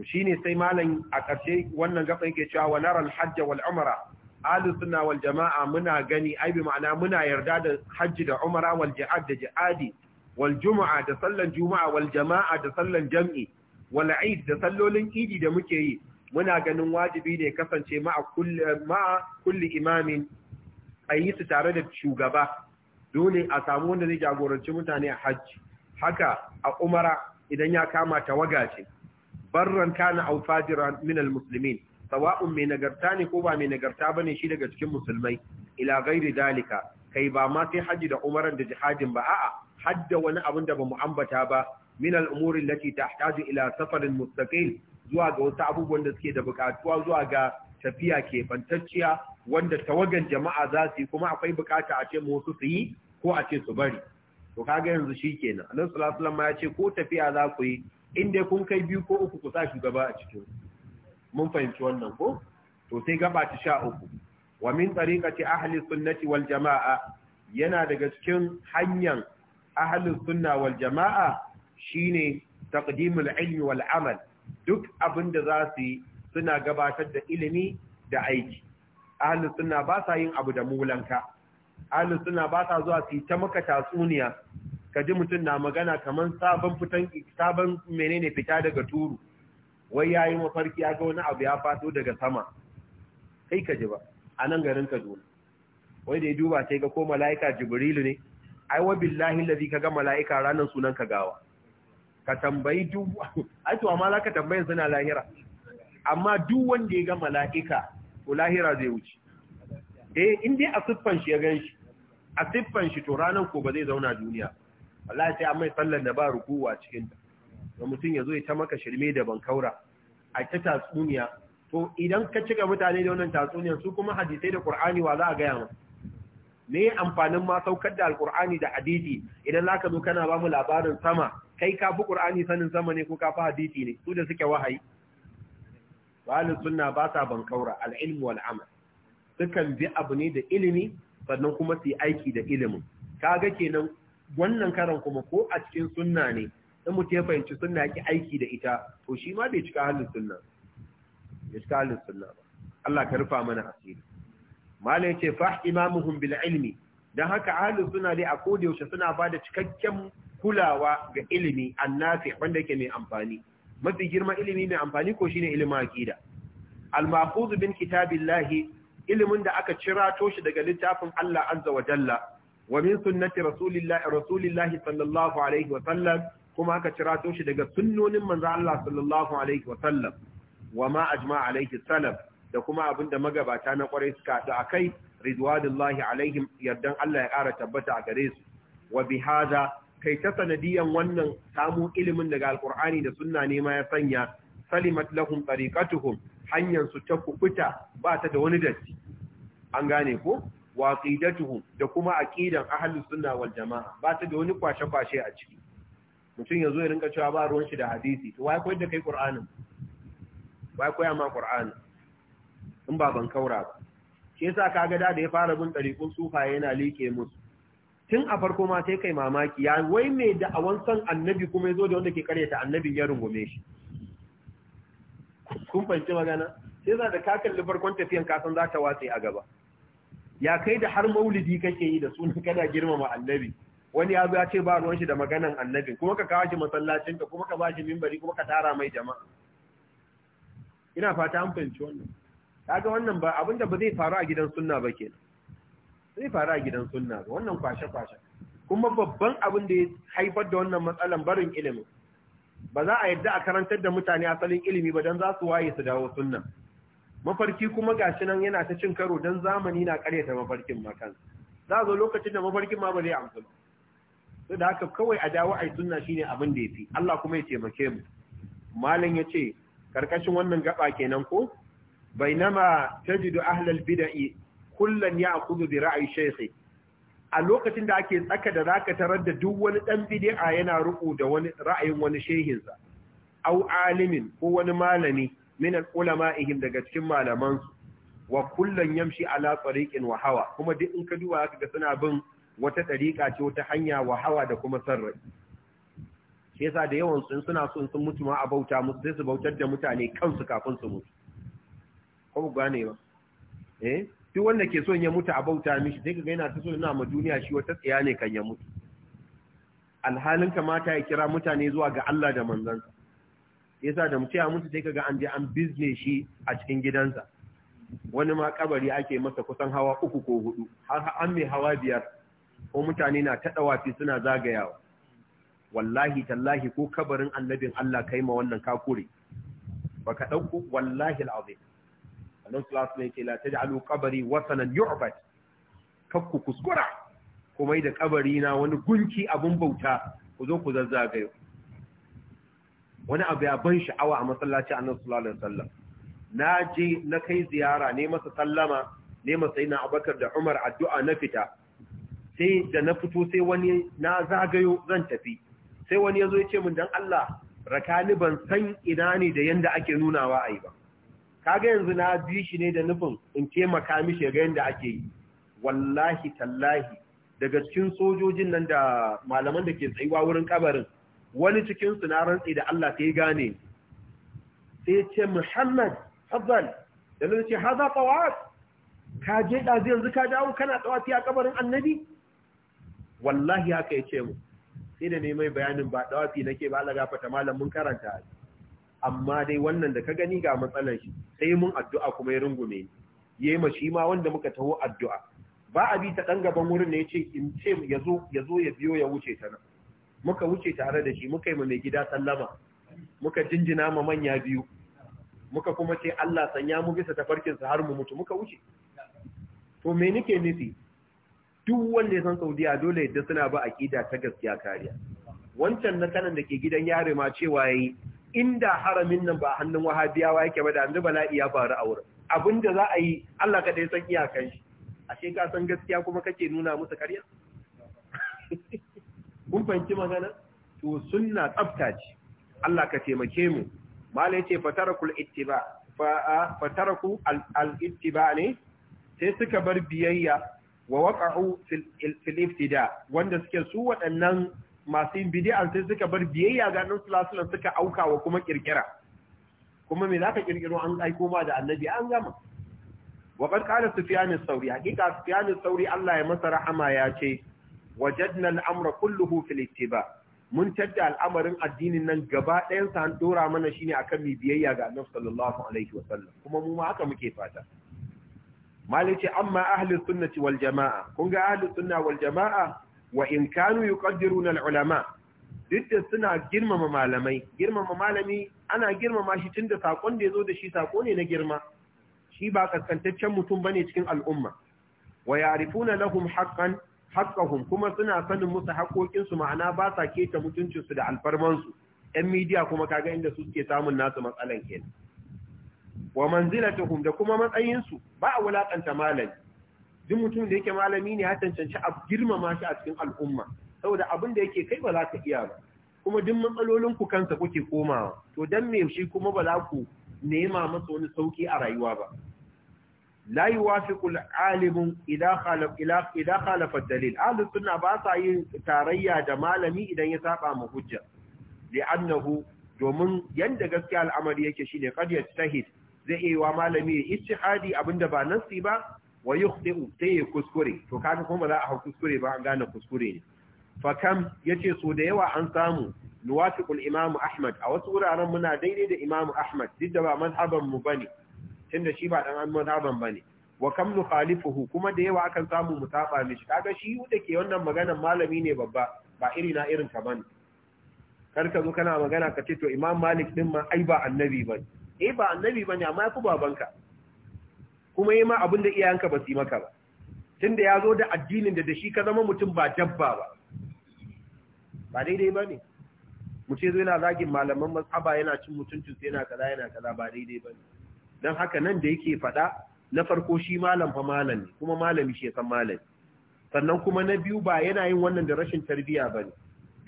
Speaker 1: shi ne sai malam a ƙarshe wannan gaba yake cewa wa naral hajja wal umra ahlus sunna wal jamaa muna gani ai bi ma'ana muna yarda da hajji da umra wal jihad da jihadi wal da sallan jumaa wal jamaa da sallan jam'i wal eid da sallolin idi da muke yi muna ganin wajibi ne kasance ma kulli ma'a kulli imamin a yi su tare da shugaba dole a samu wanda zai jagoranci mutane a hajji haka a umara idan ya kama tawaga ce barran kana aw fajiran min almuslimin sawa'un mai nagarta ne ko ba mai nagarta ne shi daga cikin musulmai ila ghairi dalika kai ba ma sai haji da umaran da jihadin ba a'a hadda wani abin da ba mu ambata ba min al'umuri lati tahtaju ila safarin mustaqil zuwa ga wasu abubuwan da suke da bukatuwa zuwa ga tafiya ke fantacciya wanda tawagan jama'a za su yi kuma akwai bukata a ce wasu su yi ko a ce su bari to kaga yanzu shi kenan annabi sallallahu alaihi ma ya ce ko tafiya za ku yi in kun kai biyu ko uku ku sa shugaba a cikin mun fahimci wannan ko to sai gaba ta sha uku wa min tariqati ahli sunnati wal jama'a yana daga cikin hanyar ahli sunna wal jama'a shine taqdimul ilmi wal amal duk abin da za su yi suna gabatar da ilimi da aiki ahlus sunna ba sa yin abu da mulanka ahlus sunna ba sa zuwa su ta maka tatsuniya ka ji mutum na magana kaman sabon fitan sabon menene fita daga turu wai yayi mafarki ya ga wani abu ya fado daga sama kai ka ji ba a nan garin dole wai da ya duba sai ga ko mala'ika Jibrilu ne ai wa billahi allazi kaga mala'ika ranan sunan ka gawa ka tambayi duk ai to amma ka tambayin suna lahira amma duk wanda ya ga mala'ika to lahira zai wuce eh in dai a siffan shi ya gan shi a siffan shi to ranar ko ba zai zauna duniya Allah sai amma mai sallar da ba rukuwa cikin ta da mutum ya zo ya ta maka shirme da bankaura a ta tatsuniya to idan ka cika mutane da wannan tatsuniya su kuma hadisai da qur'ani wa za a gaya ma me amfanin ma saukar da Alkur'ani da hadisi idan zaka zo kana ba mu labarin sama kai ka fi qur'ani sanin sama ne ko ka fi hadisi ne su da suke wahayi Ba'alin sunna ba sa kaura al-ilm wal sukan bi abu ne da ilimi sannan kuma su aiki da ilimin kaga kenan wannan karan kuma ko a cikin sunna ne in mutum ya fahimci sunna yake aiki da ita to shi ma bai cika halin sunna ya cika halin sunna ba Allah ka rufa mana asiri malai yace fa imamuhum bil ilmi dan haka halin suna dai a koda yaushe suna bada cikakken kulawa ga ilimi annafi wanda yake mai amfani mafi girma ilimi mai amfani ko shine ilimin aqida al-mahfuz bin kitabillahi ilimin da aka cira shi daga littafin Allah azza wa jalla wa min sunnati rasulillahi rasulillahi sallallahu alaihi wa sallam kuma aka cira shi daga sunnonin manzo Allah sallallahu alaihi wa sallam wa ma ajma alaihi salaf da kuma abinda magabata na kwarai suka haɗu akai ridwanullahi alaihim yardan Allah ya ƙara tabbata a gare su wa bihadha kai ta sanadiyan wannan samu ilimin daga alkur'ani da sunna ne ma ya sanya salimat lahum tariqatuhum hanyar su ta kukuta ba ta da wani datti an gane ko wa da kuma aqidan ahlus sunna wal jamaa ba ta da wani kwashe kwashe a ciki mutum yazo ya rinka cewa ba ruwan shi da hadisi to wai koyar da kai qur'anin wai koyar ma qur'ani in ba ban kaura ba shi yasa kaga da da ya fara bin tariqun sufaye yana like musu tun a farko ma sai kai mamaki ya wai mai a wancan annabi kuma ya zo da wanda ke karyata annabin ya rungume shi kun fahimci magana sai za da ka kalli farkon tafiyan kasan za ta watsi a gaba ya kai da har maulidi kake yi da sunan kana girmama annabi wani ya zo ya ce ba ruwan shi da maganan annabi kuma ka kawo shi masallacinka kuma ka ba shi mimbari kuma ka tara mai jama'a ina fata an fahimci wannan kaga wannan ba abinda ba zai faru a gidan sunna ba kenan zai faru a gidan sunna wannan kwashe-kwashe kuma babban abin da ya haifar da wannan matsalan barin ilimin ba za a yadda a karantar da mutane asalin ilimi ba don za su waye su dawo sunna mafarki kuma gashi nan yana ta cin karo don zamani na karyata mafarkin makan za zo lokacin da mafarkin ma ba zai amsa ba da haka kawai a dawo a yi sunna shine abin da ya fi, Allah kuma ya taimake mu malam ya ce karkashin wannan gaba kenan ko Bai bainama tajidu ahlal bidai Kullum ya kudu da ra'ayi shaykhi a lokacin da ake tsaka da zaka tarar da duk wani dan bid'a yana ruku da wani ra'ayin wani shehinsa au alimin ko wani malami min al-ulama'ihim daga cikin malaman su wa kullun yamshi ala tariqin wa hawa kuma duk in ka duba zaka ga suna bin wata tariqa ce wata hanya wa hawa da kuma sarrai shi yasa da yawan sun suna son sun mutu ma a bauta musu sai su bautar da mutane kansu kafin su mutu ko gane ba eh duk wanda ke son ya mutu a bauta mishi sai kaga yana ta so yana ma duniya shi wata tsaya ne kan ya mutu alhalin kamata ya kira mutane zuwa ga Allah da manzansa yasa da mutu ya mutu sai kaga an je an bizne shi a cikin gidansa wani ma kabari ake masa kusan hawa uku ko hudu har an mai hawa biyar ko mutane na ta dawafi suna zagayawa wallahi tallahi ko kabarin annabin Allah kai ma wannan kakure baka dauko wallahi alazim annabi sallallahu alaihi wasallam yake la taj'alu wasanan yu'bad kakku kuskura kuma da kabari na wani gunki abun bauta ku zo ku zazzagayo wani abu ya ban sha'awa a masallaci annabi sallallahu alaihi na je na kai ziyara ne masa sallama ne masa ina abakar da umar addu'a na fita sai da na fito sai wani na zagayo zan tafi sai wani ya zo ya ce min dan Allah rakani ban san ina ne da yanda ake nunawa a ba kaga yanzu na bi shi ne da nufin in taimaka mishi ga yadda ake yi wallahi tallahi daga cikin sojojin nan da malaman da ke tsayuwa wurin kabarin wani cikin su na rantsi da Allah sai gane sai ce Muhammad fadal da nan ce hada tawaf ka je da yanzu ka dawo kana tawafi a kabarin annabi wallahi haka ya ce mu sai da ne mai bayanin ba tawafi nake ba Allah gafata malamin karanta amma dai wannan da ka gani ga matsalar shi sai mun addu'a kuma ya rungume ni yayi ma shi ma wanda muka taho addu'a ba a bi ta dan gaban wurin ne yace in ce yazo yazo ya biyo ya wuce ta nan muka wuce tare da shi muka yi ma mai gida sallama muka jinjina ma manya biyu muka kuma ce Allah sanya mu bisa tafarkinsa har mu mutu muka wuce to me nake nufi duk wanda ya san Saudiya dole yadda suna ba aqida ta gaskiya kariya wancan na kanan da ke gidan yare ma cewa yayi inda haramin nan ba hannun wahabiyawa yake ba da yanzu bala'i ya faru a wurin abin da za a yi Allah ka dai san iyakan shi ashe ka san gaskiya kuma kake nuna musu ƙarya kun fahimci magana to sunna tsafta ce Allah ka taimake mu malai ce fatarakul ittiba fa fataraku al ittiba ne sai suka bar biyayya wa waqa'u fil iftida wanda suke su waɗannan masu yin bidiyar sai suka bar biyayya ga annabi sallallahu alaihi suka auka wa kuma kirkira kuma me zaka kirkiro an aiko ma da annabi an gama wa qad qala sufyan as-sauri hakika sufyan as-sauri Allah ya masa rahama ya ce wajadna al-amra kulluhu fil ittiba mun tadda al'amarin addinin nan gaba ɗayan sa an dora mana shine akan mi biyayya ga annabi sallallahu alaihi wa sallam. kuma mu ma haka muke fata malik amma ahli sunnati wal jamaa kun ga ahli sunna wal jamaa wa in kanu yuqaddiruna al-ulama duk da suna girmama malamai girmama malami ana girmama shi tunda sakon da yazo da shi sako ne na girma shi ba kaskantaccen mutum bane cikin al'umma wa ya'rifuna lahum haqqan haqqahum kuma suna sanin musu haƙoƙin su ma'ana ba sa keta mutuncin su da alfarman su ɗan media kuma kaga inda su suke samun nasu matsalan kenan wa manzilatuhum da kuma matsayin su ba a wulakanta malami duk mutum da yake malami ne ya cancanci a girmama shi a cikin al'umma saboda abin da yake kai ba za ka iya ba kuma duk matsalolin ku kansa kuke komawa to dan me shi kuma ba za ku nema masa wani sauki a rayuwa ba la yuwafiqu al-alim idha khalaf ila idha ad-dalil ahlus sunna ba sa yin tarayya da malami idan ya saba mu hujja annahu, domin yanda gaskiya al'amari yake shine qad yastahid zai iya wa malami abin abinda ba nasi ba wa yukhti'u sai ya kuskure to kaga kuma za a hau kuskure ba an gane kuskure ne fa kam yace so da yawa an samu nuwafiqul imam ahmad a wasu wuraren muna daidai da imam ahmad duk da ba mazhaban mu bane tunda shi ba dan mazhaban bane wa kam nukhalifuhu kuma da yawa akan samu mutaba mishi kaga shi da ke wannan maganar malami ne babba ba iri na irin ka bane kar ka zo kana magana ka ce to imam malik din ma ai ba annabi bane eh ba annabi bane amma ya fi babanka kuma yi ma abin da iyayenka ba su yi maka ba tun da ya zo da addinin da da shi ka zama mutum ba dabba ba ba daidai ba ne Mu ce zo yana zagin malaman mazhaba yana cin mutuntun sai yana kaza yana kaza ba daidai ba ne don haka nan da yake faɗa na farko shi malam fa malam ne kuma malami shi san malami sannan kuma na biyu ba yana yin wannan da rashin tarbiyya ba ne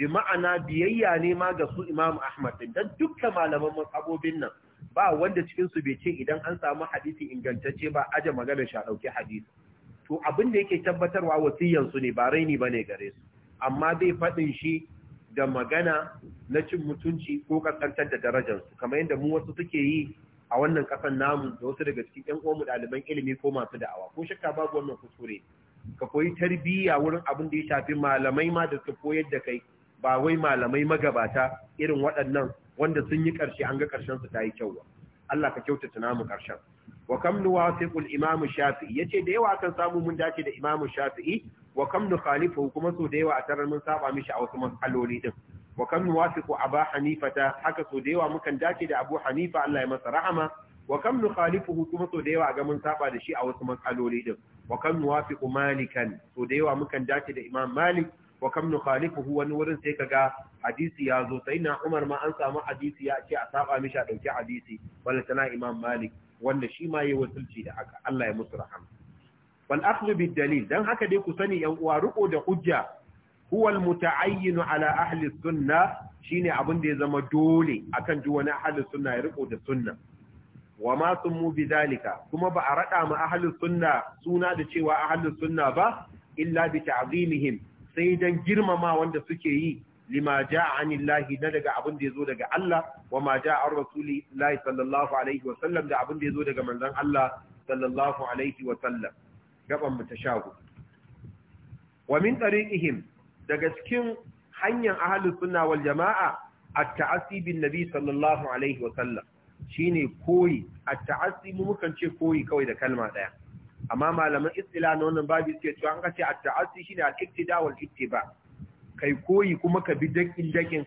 Speaker 1: bi ma'ana biyayya ne ma ga su imam ahmad din don dukkan malaman mazhabobin nan ba wanda cikin su bai ce idan an samu hadisi ingantacce ba aje magana sha dauki hadisi to abin da yake tabbatarwa wasiyan ne ba raini bane gare su amma zai faɗin shi da magana na cin mutunci ko ƙasantar da darajar su kamar yadda mu wasu suke yi a wannan kasan namu da wasu daga cikin ƴan uwanmu ɗaliban ilimi ko masu da'awa ko shakka babu wannan kuskure ka koyi tarbiyya wurin abin da ya shafi malamai ma da su koyar da kai ba wai malamai magabata irin waɗannan wanda sun yi ƙarshe an ga ƙarshen su ta yi kyau Allah ka kyautata namu ƙarshen wa kam nuwafiqul imamu shafi'i yace da yawa akan samu mun dace da imamu shafi'i wa kam nukhalifu kuma so da yawa a tarar mun saba mishi a wasu matsaloli din wa kam nuwafiqu aba hanifata haka so da yawa mukan dace da abu hanifa Allah ya masa rahama wa kam nukhalifuhu kuma so da yawa ga mun saba da shi a wasu matsaloli din wa kam nuwafiqu malikan so da yawa mukan dace da imam malik wa kam nukhalifuhu wani wurin sai kaga hadisi ya zo sai na Umar ma an samu hadisi ya ce a saba mishi a dauki hadisi wala tana Imam Malik wanda shi ma yayi wasulci da haka Allah ya musu rahama wal akhdhu bid dalil dan haka dai ku sani yan uwa riko da hujja huwa al muta'ayyin ala ahli sunna shine abin da ya zama dole akan duk wani ahli sunna ya riko da sunna wa ma sumu bidalika kuma ba a rada ma ahli sunna suna da cewa ahli sunna ba illa bi ta'zimihim sai don girmama wanda suke yi lima ja'a anillahi na daga abin da ya zo daga Allah wa ma ja'a ar rasulillahi sallallahu alaihi wa sallam da abin da ya zo daga manzon Allah sallallahu alaihi wa sallam gaban mu shago. wa min tariqihim daga cikin hanyar ahlus sunna wal jama'a at-ta'assi bin nabi sallallahu alaihi wa sallam shine koyi at-ta'assi mu mukan ce koyi kawai da kalma daya amma malaman istila na wannan babu suke cewa an kace at-ta'assi shine al-iktida wal ittiba kai koyi kuma ka bi dakin dakin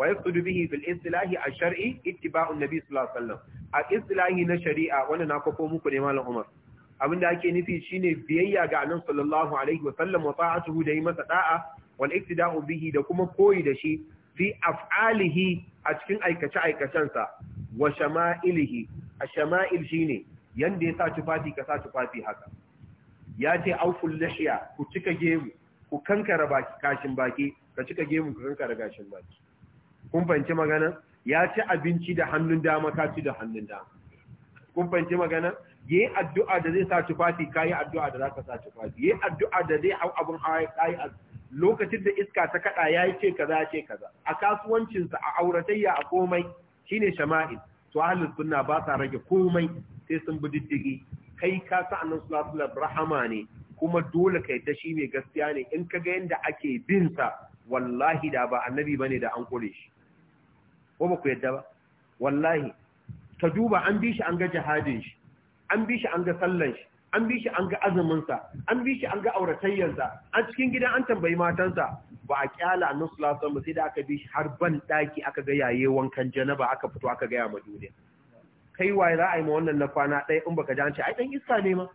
Speaker 1: wa yaqsudu bihi bil istilahi ash-shar'i ittiba'un nabi sallallahu alaihi wasallam a istilahi na shari'a wannan na kafo muku ne malam Umar abinda ake nufi shine biyayya ga annabi sallallahu alaihi wasallam wa ta'atuhu da yi masa da'a wal iktida'u bihi da kuma koyi da shi fi af'alihi a cikin aikace aikacen sa wa shama'ilihi a shama'il shine yanda ya sa tufafi ka sa tufafi haka ya ce auful lihiya ku cika gemu ku kankara baki kashin baki ka cika gemu ku kankara gashin baki kun fahimci magana ya ci abinci da hannun dama ka ci da hannun dama kun fahimci magana yayi addu'a da zai sa tufafi kai addu'a da zaka sa tufafi yayi addu'a da zai hau abun hawa kai lokacin da iska ta kada yayi ce kaza ce kaza a kasuwancin sa a auratayya a komai shine shama'il to ahlus sunna ba sa rage komai sai sun bi diddigi kai ka sa annabi sallallahu alaihi wasallam rahama ne kuma dole kai ta shi mai gaskiya ne in ka ga yanda ake bin sa wallahi da ba annabi bane da an kore shi ko ba ku yadda ba wallahi ka duba an bi shi an ga jihadin shi an bi shi an ga sallan shi an bi shi an ga azuminsa an bi shi an ga auratayyansa a cikin gida an tambayi matansa ba a kyala a sulasan ba sai da aka bi shi har ban daki aka ga yaye wankan janaba aka fito aka gaya ma duniya kai waye za a yi ma wannan na kwana ɗaya in baka jance ai dan iska ne ma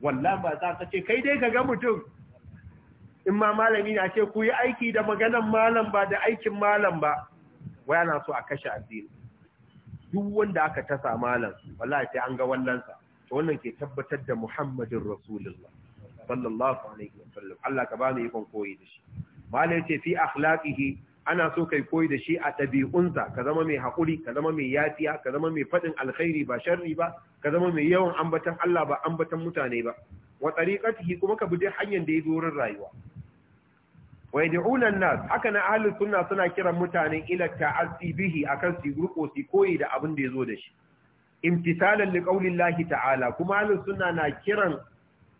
Speaker 1: wallahi ba za ka ce kai dai ka ga mutum in ma malami na ce ku yi aiki da maganan malam ba da aikin malam ba waya na so a kashe addini duk wanda aka tasa malam wallahi sai an ga wallansa wannan ke tabbatar da Muhammadin Rasulullah sallallahu alaihi wasallam Allah ka ba mu ikon koyi da shi malai ce fi akhlaqihi ana so kai koyi da shi a tabi'unsa ka zama mai hakuri ka zama mai yafiya ka zama mai fadin alkhairi ba sharri ba ka zama mai yawan ambatan Allah ba ambatan mutane ba wa tariqatihi kuma ka bi hanyar da ya wurin rayuwa wa yad'una an-nas haka na ahlus sunna suna kiran mutane ila ta'assi bihi akan si ruko su koyi da abin da ya zo da shi imtisalan li qaulillahi ta'ala kuma ahlus sunna na kiran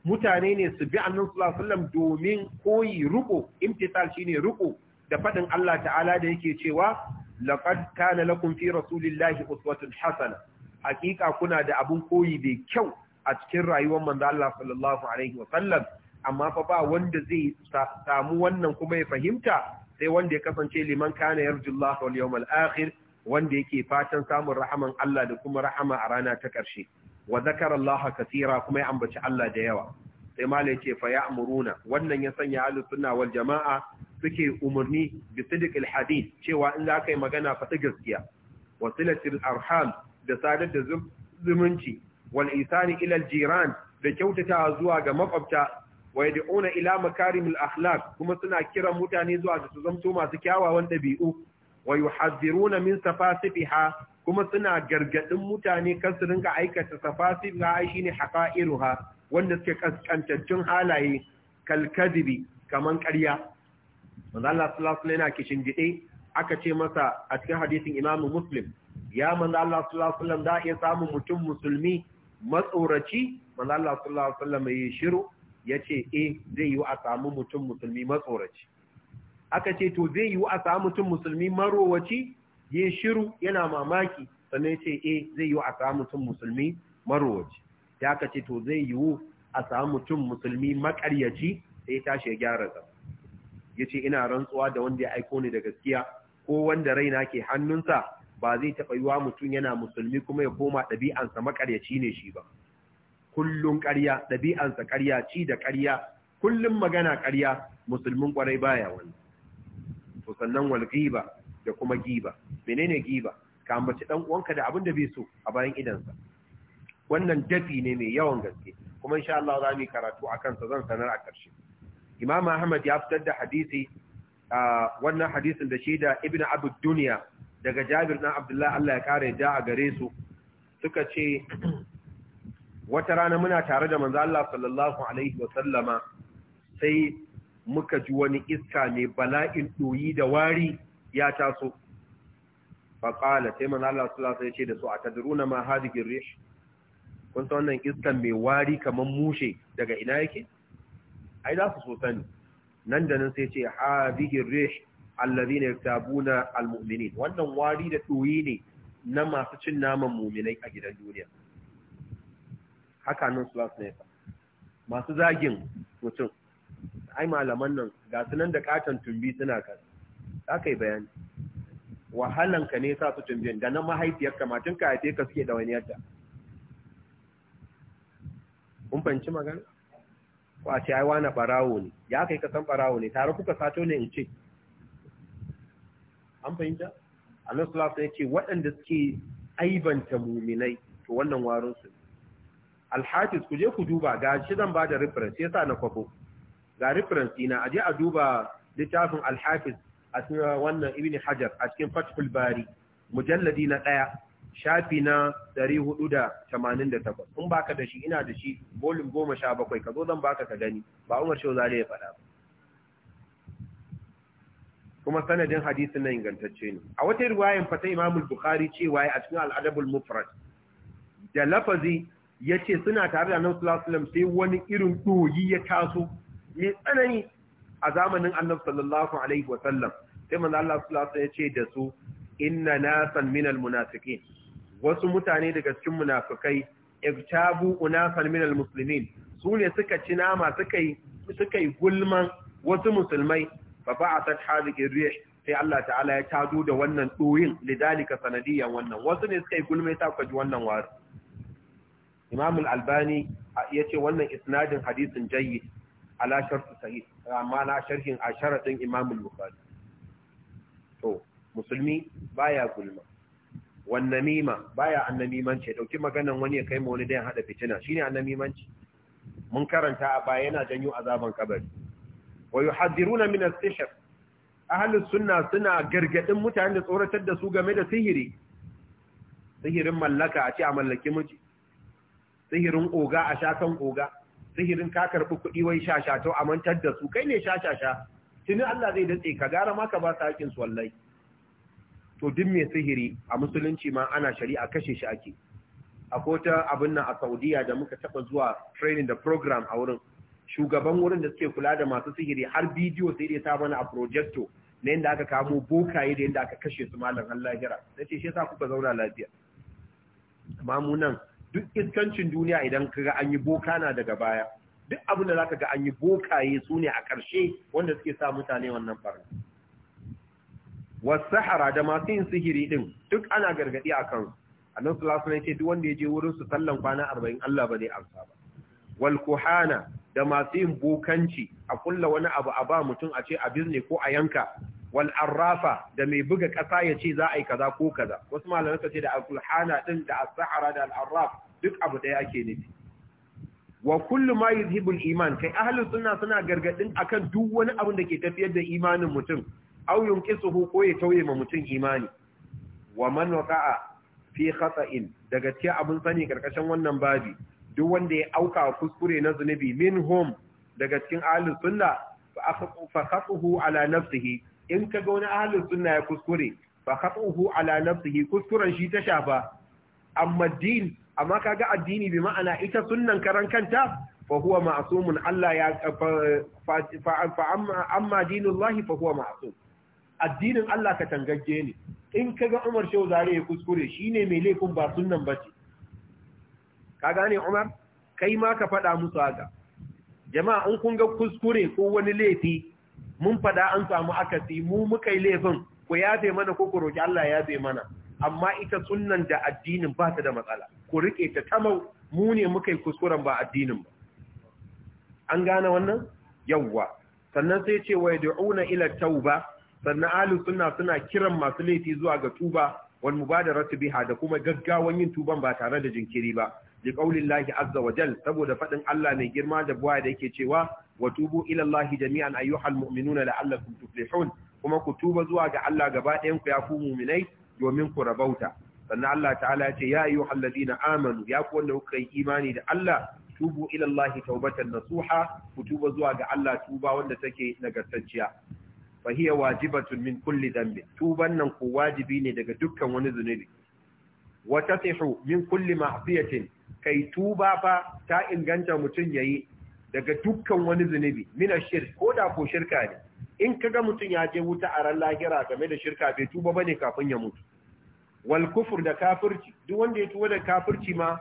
Speaker 1: mutane ne su bi annabi sallallahu alaihi wasallam domin koyi ruko imtisal shine ruko da fadin Allah ta'ala da yake cewa laqad kana lakum fi rasulillahi uswatun hasana hakika kuna da abun koyi da kyau a cikin rayuwar manzo Allah sallallahu alaihi wasallam amma fa ba wanda zai samu wannan kuma ya fahimta sai wanda ya kasance liman kana yarjullahi wal yawmal akhir wanda yake fatan samun rahaman Allah da kuma rahama a rana ta ƙarshe wa zakara Allah kasira kuma ya ambaci Allah da yawa sai mala yace fa amuruna. wannan ya sanya ahlus suna wal jama'a suke umarni bi sidqil hadith cewa in za yi magana fa gaskiya wa silatil arham da sadar da zumunci wal isani ilal jiran da kyautata zuwa ga makwabta wa yad'una ila makarimil akhlaq kuma suna kiran mutane zuwa ga su zamto masu kyawawan ɗabi'u. wa yuhadhiruna min safasifiha kuma suna gargadin mutane kan su dinga aikata safasifiha shine haqa'iruha wanda suke kaskantaccen halaye kalkadibi kaman ƙarya manzo Allah sallallahu alaihi wasallam kishin gide aka ce masa a cikin hadisin Imam Muslim ya manzo Allah sallallahu alaihi wasallam da ya samu mutum musulmi matsoraci manzo Allah sallallahu alaihi wasallam ya shiru yace eh zai yi a samu mutum musulmi matsoraci aka ce to zai yiwu a samu mutum musulmi marowaci ya shiru yana mamaki sannan ce e zai yiwu a samu mutum musulmi marowaci ya aka ce to zai yiwu a samu mutum musulmi makaryaci sai tashi ya gyara zama ya ce ina rantsuwa da wanda ya aiko ni da gaskiya ko wanda raina ke hannunsa ba zai taɓa yiwa mutum yana musulmi kuma ya koma ɗabi'ansa makaryaci ne shi ba kullum ƙarya ɗabi'ansa ƙarya ci da ƙarya kullum magana ƙarya musulmin ƙwarai baya wani to sannan wal ghiba da kuma giba menene giba ka ambaci dan uwanka da abin da bai so a bayan idansa wannan dafi ne mai yawan gaske kuma insha Allah za mu karatu akan sa zan sanar a ƙarshe Imam Ahmad ya fitar da hadisi wannan hadisin da shi da Ibn Abu Dunya daga Jabir dan Abdullah Allah ya kare da a gare su suka ce wata rana muna tare da manzo Allah sallallahu alaihi wa sallama sai muka ji wani iska mai bala'in ɗoyi da wari ya taso faƙala sai manzo Allah sallallahu alaihi ce da su atadruna ma hadhihi rish kun san wannan iskan mai wari kamar mushe daga ina yake ai za su so sani nan da nan sai ce hadhihi rish alladhina yaktabuna almu'minin wannan wari da ɗoyi ne na masu cin naman mu'minai a gidan duniya haka nan su ne masu zagin mutum ai malaman nan ga su nan da katon tumbi suna kan za ka yi bayani wahalanka ne sa su tumbin da nan mahaifiyarka matun ka haife ka suke da wani yadda kun fahimci magana ko a ce ai wani barawo ne ya kai ka san barawo ne tare kuka sato ne in ce an fahimta Allah sallallahu alaihi ce waɗanda suke aibanta muminai to wannan warin su Alhaji ku je ku duba ga shi zan ba da reference yasa na kwafo ga reference dina aje a duba littafin alhafiz a cikin wannan ibn hajar a cikin fathul bari mujalladi na daya shafi na 488 in baka da shi ina da shi volume bakwai, ka zo zan baka ka gani ba Umar Shehu Zale ya faɗa kuma sanadin hadisin na ingantacce ne a wata riwayan fata Imam al-Bukhari cewa a cikin al mufrad da lafazi yace suna tare da Annabi sallallahu alaihi wasallam sai wani irin doyi ya taso mai tsanani a zamanin annabi sallallahu alaihi wa sallam sai manzo Allah sallallahu ya ce da su inna nasan minal munafiqin wasu mutane daga cikin munafikai ibtabu unasan minal muslimin su ne suka ci nama suka yi suka yi gulman wasu musulmai fa ba'athat hadhihi riyah sai Allah ta'ala ya tado da wannan doyin lidalika sanadiyan wannan wasu ne suka yi gulme ta kwaji wannan wari Imam al-Albani yace wannan isnadin hadisin jayyid ala shartu sahih amma na sharhin a sharadin Imam al-Bukhari to musulmi baya gulma wan namima baya annamimanci dauki maganan wani ya kai mu wani dai hada fitina shine annamimanci mun karanta a baya yana janyo azaban kabari wa yuhadiruna min as-sihr ahli sunna suna gargadin mutane da tsoratar da su game da sihiri sihirin mallaka a ce a mallaki miji sihirin oga a shakan oga sihirin ka karɓi kuɗi wai shasha to a mantar da su kai ne shashasha tuni Allah zai datse ka gara ma ka ba su haƙin su wallahi to duk mai sihiri a musulunci ma ana shari'a kashe shi ake akwai kota abin nan a Saudiya da muka taɓa zuwa training da program a wurin shugaban wurin da suke kula da masu sihiri har bidiyo sai dai ta mana a projecto na yadda aka kamo bokaye da yadda aka kashe su malam Allah jira ce shi yasa kuka zauna lafiya amma nan duk iskancin duniya idan kaga an yi boka na daga baya duk abin da zaka ga an yi bokaye su ne a ƙarshe wanda suke sa mutane wannan Wasu wasahara da masu yin sihiri din duk ana gargaɗi a kansu annabi sallallahu alaihi ce duk wanda ya je wurin su sallan kwana arba'in Allah ba zai amsa ba wal da masu yin bokanci a kulla wani abu a ba mutum a ce a bizne ko a yanka wal arrafa da mai buga ƙasa ya ce za a yi kaza ko kaza wasu malamai suka ce da al-kulhana din da as-sahara da al-arraf duk abu ɗaya ake nufi wa kullu ma yuzhibul iman kai ahli sunna suna gargadin akan duk wani abin da ke tafiyar da imanin mutum aw yunqisuhu ko ya tauye ma mutum imani wa man waqa'a fi khata'in daga cikin abin sani karkashin wannan babi duk wanda ya auka kuskure na zunubi minhum daga cikin ahli sunna fa akhfu ala nafsihi in ka ga wani ahalin sunna ya kuskure fa khatuhu ala nafsihi kuskuren shi ta shafa amma din amma kaga addini bi ma'ana ita sunnan karan kanta fa huwa ma'sumun Allah ya fa amma dinullahi fa huwa ma'sum addinin Allah ka tangagge ne in ka ga Umar Shehu Zare ya kuskure shine mai laifin ba sunnan bace ka gane Umar kai ma ka faɗa musu haka jama'a in kun ga kuskure ko wani laifi mun fada an samu akasi mu muka yi laifin ku yafe mana ko ku roki Allah ya yafe mana amma ita sunnan da addinin ba ta da matsala ku rike ta tamau mu ne muka yi kuskuren ba addinin ba an gane wannan yawwa sannan sai ce wa yad'una ila tauba sannan ahlus sunna suna kiran masu laifi zuwa ga tuba wal mubadaratu biha da kuma gaggawan yin tuban ba tare da jinkiri ba liqaulillahi azza wa jal saboda fadin Allah mai girma da buwa da yake cewa wa ilallahi jami'an ayyuhan jami'an ayyuhal mu'minuna la'allakum tuflihun kuma ku tuba zuwa ga Allah gaba ɗayan ku ya ku mu'minai domin ku rabauta sannan Allah ta'ala ce ya ayyuhal ladina amanu ya ku wanda kuka yi imani da Allah tubu ila Allah tawbatan nasuha ku tuba zuwa ga Allah tuba wanda take nagartacciya fa hiya wajibatun min kulli dhanbi tuban nan ku wajibi ne daga dukkan wani zunubi wa tasihu min kulli ma'siyatin kai tuba fa ta inganta mutun yayi daga dukkan wani zunubi mina shirk ko da ko shirka ne in kaga mutum ya je wuta a ran lahira game da shirka bai tuba bane kafin ya mutu wal kufur da kafirci duk wanda ya tuba da kafirci ma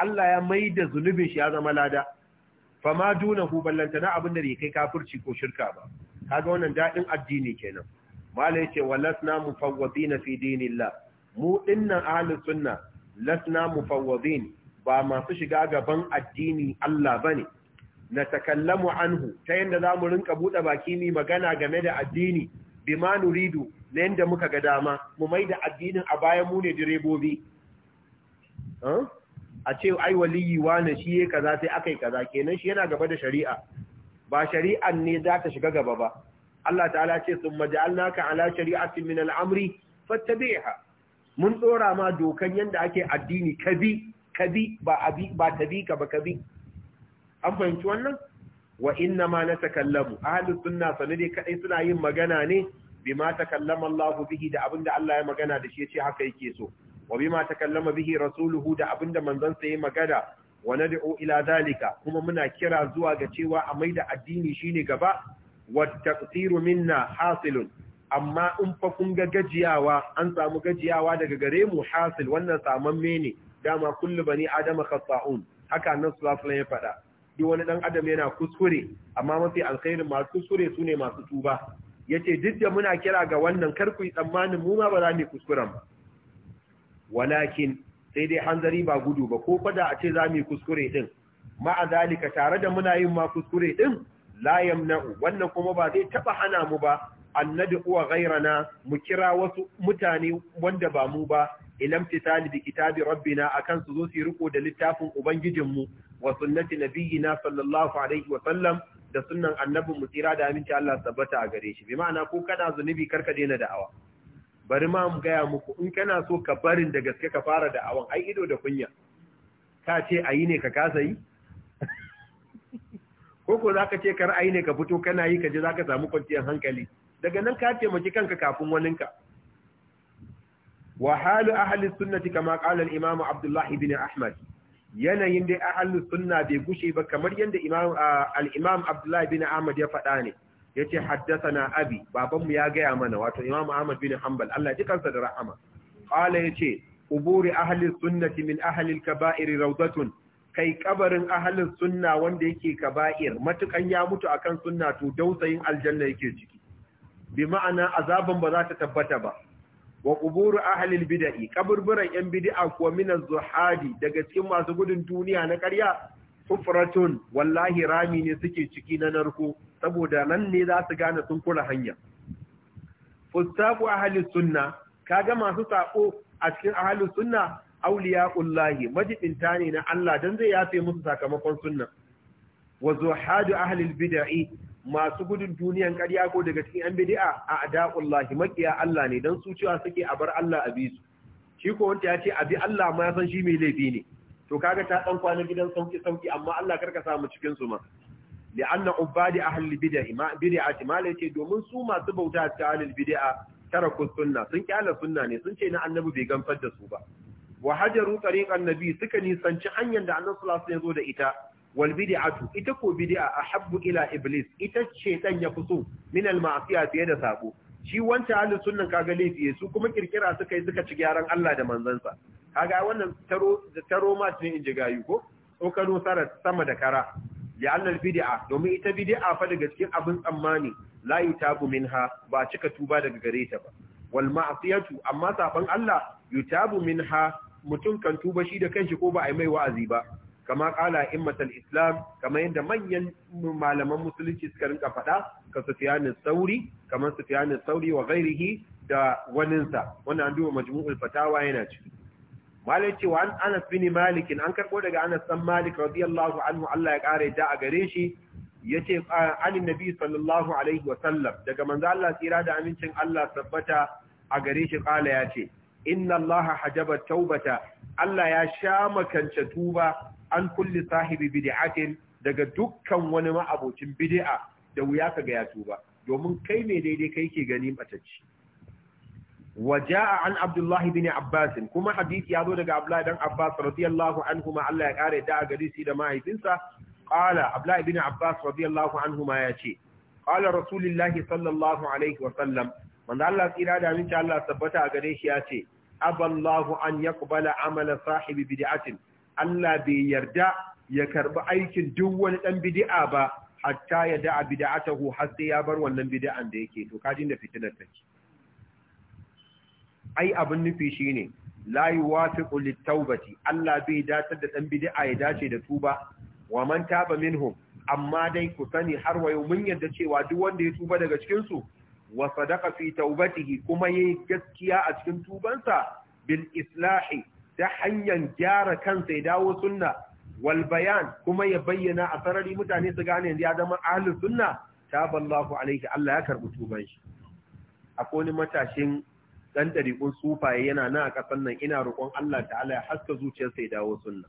Speaker 1: Allah ya mai da zunubin shi ya zama lada fama dunahu na abin da bai kai kafirci ko shirka ba kaga wannan dadin addini kenan mala yace walasna mufawwidin fi dinillah mu dinnan ahlus sunna lasna mufawwidin ba masu shiga gaban addini Allah bane na takallamu anhu ta yadda za mu rinka buɗe baki mi magana game da addini ma nuridu na yadda muka ga dama mu mai da addinin a bayan mu ne direbobi a ce ai waliyi wane shi ya kaza sai aka yi kaza kenan shi yana gaba da shari'a ba shari'an ne za ta shiga gaba ba Allah ta'ala ce sun ka ala shari'atin min al'amri fattabi'ha mun tsora ma dokan yadda ake addini kabi kabi ba abi ba tabi ka ba kabi an fahimci wannan wa inna ma natakallamu ahlus sunna sanu dai kadai suna yin magana ne bima takallama Allahu bihi da abinda Allah ya magana da shi ce haka yake so wa ma takallama bihi rasuluhu da abinda manzon sa ya magana wa nad'u ila dalika kuma muna kira zuwa ga cewa a maida addini shine gaba wa taqsiru minna hasilun amma in fa kun ga gajiyawa an samu gajiyawa daga gare mu hasil wannan saman ne dama kullu bani adama khata'un haka nan sallallahu alaihi ya faɗa duk wani dan adam yana kuskure amma mafi alkhairin masu kuskure su ne masu tuba yace duk da muna kira ga wannan kar yi tsammanin mu ma ba za mu kuskuren ba walakin sai dai hanzari ba gudu ba ko fada a ce za mu kuskure din ma'a zalika tare da muna yin ma kuskure din la yamna'u wannan kuma ba zai taba hana mu ba annadu wa ghairana mu kira wasu mutane wanda ba mu ba ilam tisali bi kitabi rabbina akan su zo su riko da littafin ubangijinmu wa sunnati nabiyina sallallahu alaihi wa sallam da sunnan annabin mu tsira da aminci Allah tabbata a gare shi bi ma'ana ko kana zunubi karka daina da'awa bari ma mu gaya muku in kana so ka barin da gaske ka fara da'awan ai ido da kunya ka ce ayi ne ka kasa yi ko ko zaka ce kar ayi ne ka fito kana yi ka je zaka samu kwanciyar hankali daga nan ka taimaki kanka kafin waninka Wahalu halu ahli sunnati kama qala al-imam Abdullah ibn Ahmad yanayin da ahli sunna bai gushe ba kamar yadda Al'imam al-imam Abdullah ibn Ahmad ya faɗa ne yace na abi babanmu ya gaya mana wato imam Ahmad bin Hambal. Allah ya kansa da rahama qala yace quburi ahli sunnati min ahli al-kaba'ir rawdatun kai kabarin ahalin sunna wanda yake kaba'ir matukan ya mutu akan sunna to dausayin aljanna yake ciki Bima'ana azaban ba za ta tabbata ba wa quburu ahli bida'i kaburburan yan bid'a kuwa min zuhadi daga cikin masu gudun duniya na karya? sufratun wallahi rami ne suke ciki na narko saboda nan ne za su gane sun kula hanya fustafu ahli sunna kaga masu sako a cikin ahli sunna auliya kullahi. majibinta ne na Allah dan zai yafe musu sakamakon sunna wa zuhadu ahli bida'i masu gudun duniyan ƙarya ko daga cikin yan bid'a a ada'ullahi makiya Allah ne dan su cewa suke a bar Allah a bisu shi ko wanda ya ce a bi Allah ma ya san shi mai laifi ne to kaga ta dan kwana gidan sauki sauki amma Allah karka sa mu cikin su ma li'anna ubadi ahli bid'ah ma bid'ati ma lace domin su masu bauta ta ahli bid'a taraku sunna sun kyala sunna ne sun ce na annabi bai gamfar da su ba wa hajaru tariqan nabi suka nisanci hanyar da annabi sallallahu alaihi wasallam ya zo da ita Walbidi'atu, ita ko a ahabbu ila iblis ita ce dan ya fito min al ma'siya fiye da sabo shi wancan ahlus sunnan kaga laifi su kuma kirkira suka yi suka ci gyaran Allah da manzansa kaga wannan taro taro ma ne inji gayu ko tsokano sarar sama da kara li'annal bid'a domin ita bid'a fa daga cikin abin tsammani la yutabu minha ba cika tuba daga gare ta ba wal ma'siyatu amma saban Allah yutabu minha mutum kan tuba shi da kanshi ko ba a yi mai wa'azi ba kama kala immatal islam kama yadda manyan malaman musulunci suka rinka faɗa ka sufiyanin sauri kamar sufiyanin sauri wa ghairihi da waninsa wannan an duba majmu'ul fatawa yana ciki malai wa an anas bin malik an karbo daga anas dan malik radiyallahu anhu Allah ya kare da a gare shi yace an nabi sallallahu alaihi wa sallam daga manzo Allah tsira da amincin Allah tabbata a gare shi kala yace inna Allah hajaba taubata Allah ya sha makance tuba an kulli sahibi bid'atin daga dukkan wani ma'abocin bid'a da wuya kaga ya tuba domin kai ne daidai kai ke gani batacci waja'a an abdullahi bin abbas kuma hadisi ya zo daga abdullahi dan abbas radiyallahu anhu ma Allah ya kare da gari shi da mahaifinsa qala abdullahi bin abbas radiyallahu anhu ma yace qala rasulullahi sallallahu alaihi wa sallam manzo Allah tsira da minta Allah tabbata a gare shi yace aballahu an yaqbala amala sahibi bid'atin Allah bai yarda ya karɓi aikin duk wani ɗan bidi'a ba hatta ya da'a bid'atahu har sai ya bar wannan bida'an da yake to kajin da fitinar take ai abin nufi shine la yuwafiqu lit-taubati Allah bai datar da ɗan bidi'a ya dace da tuba wa man taba minhu? amma dai ku sani har wayo mun yarda cewa duk wanda ya tuba daga cikin su wa sadaqa fi tawbatihi kuma yayi gaskiya a cikin tubansa bil islahi ta hanyar gyara kansa ya dawo sunna wal bayan kuma ya bayyana a sarari mutane su gane yanzu ya zama ahlus sunna ballahu alaihi Allah ya karbi tuban shi akwai wani matashin dan dariƙun sufaye yana nan a kasan nan ina roƙon Allah ta'ala ya haska zuciyarsa ya dawo sunna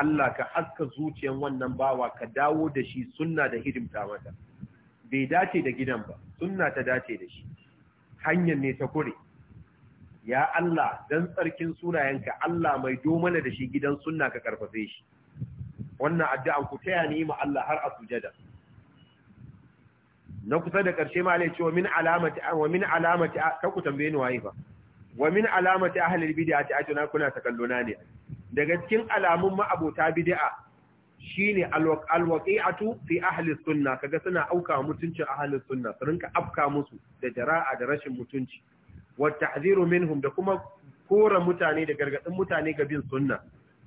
Speaker 1: Allah ka haska zuciyar wannan bawa ka dawo da shi sunna da hidimta mata bai dace da gidan ba sunna ta dace da shi hanyar ne ta kure ya Allah dan tsarkin sunayenka Allah mai domana da shi gidan sunna ka karfafe shi wannan addu'an ku taya ni ma Allah har a sujada na kusa da ƙarshe ma ce cewa min alamati wa min alamati ka ku tambaye ni waye fa wa min alamati ahlil bid'a ta ajuna kuna ta na ne daga cikin alamun ma'abota bid'a shine alwaqi'atu fi ahli sunna kaga suna auka mutuncin ahli sunna su rinka afka musu da jara'a da rashin mutunci wa ta'ziru minhum da kuma kora mutane da gargadin mutane ga bin sunna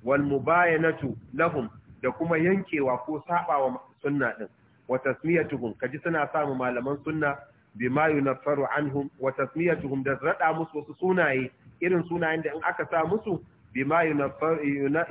Speaker 1: wal mubayanatu lahum da kuma yankewa ko sabawa sunna din wa tasmiyatuhum kaji suna samu malaman sunna bima yunaffaru anhum wa tasmiyatuhum da rada musu wasu sunaye irin sunayen da in aka sa musu bima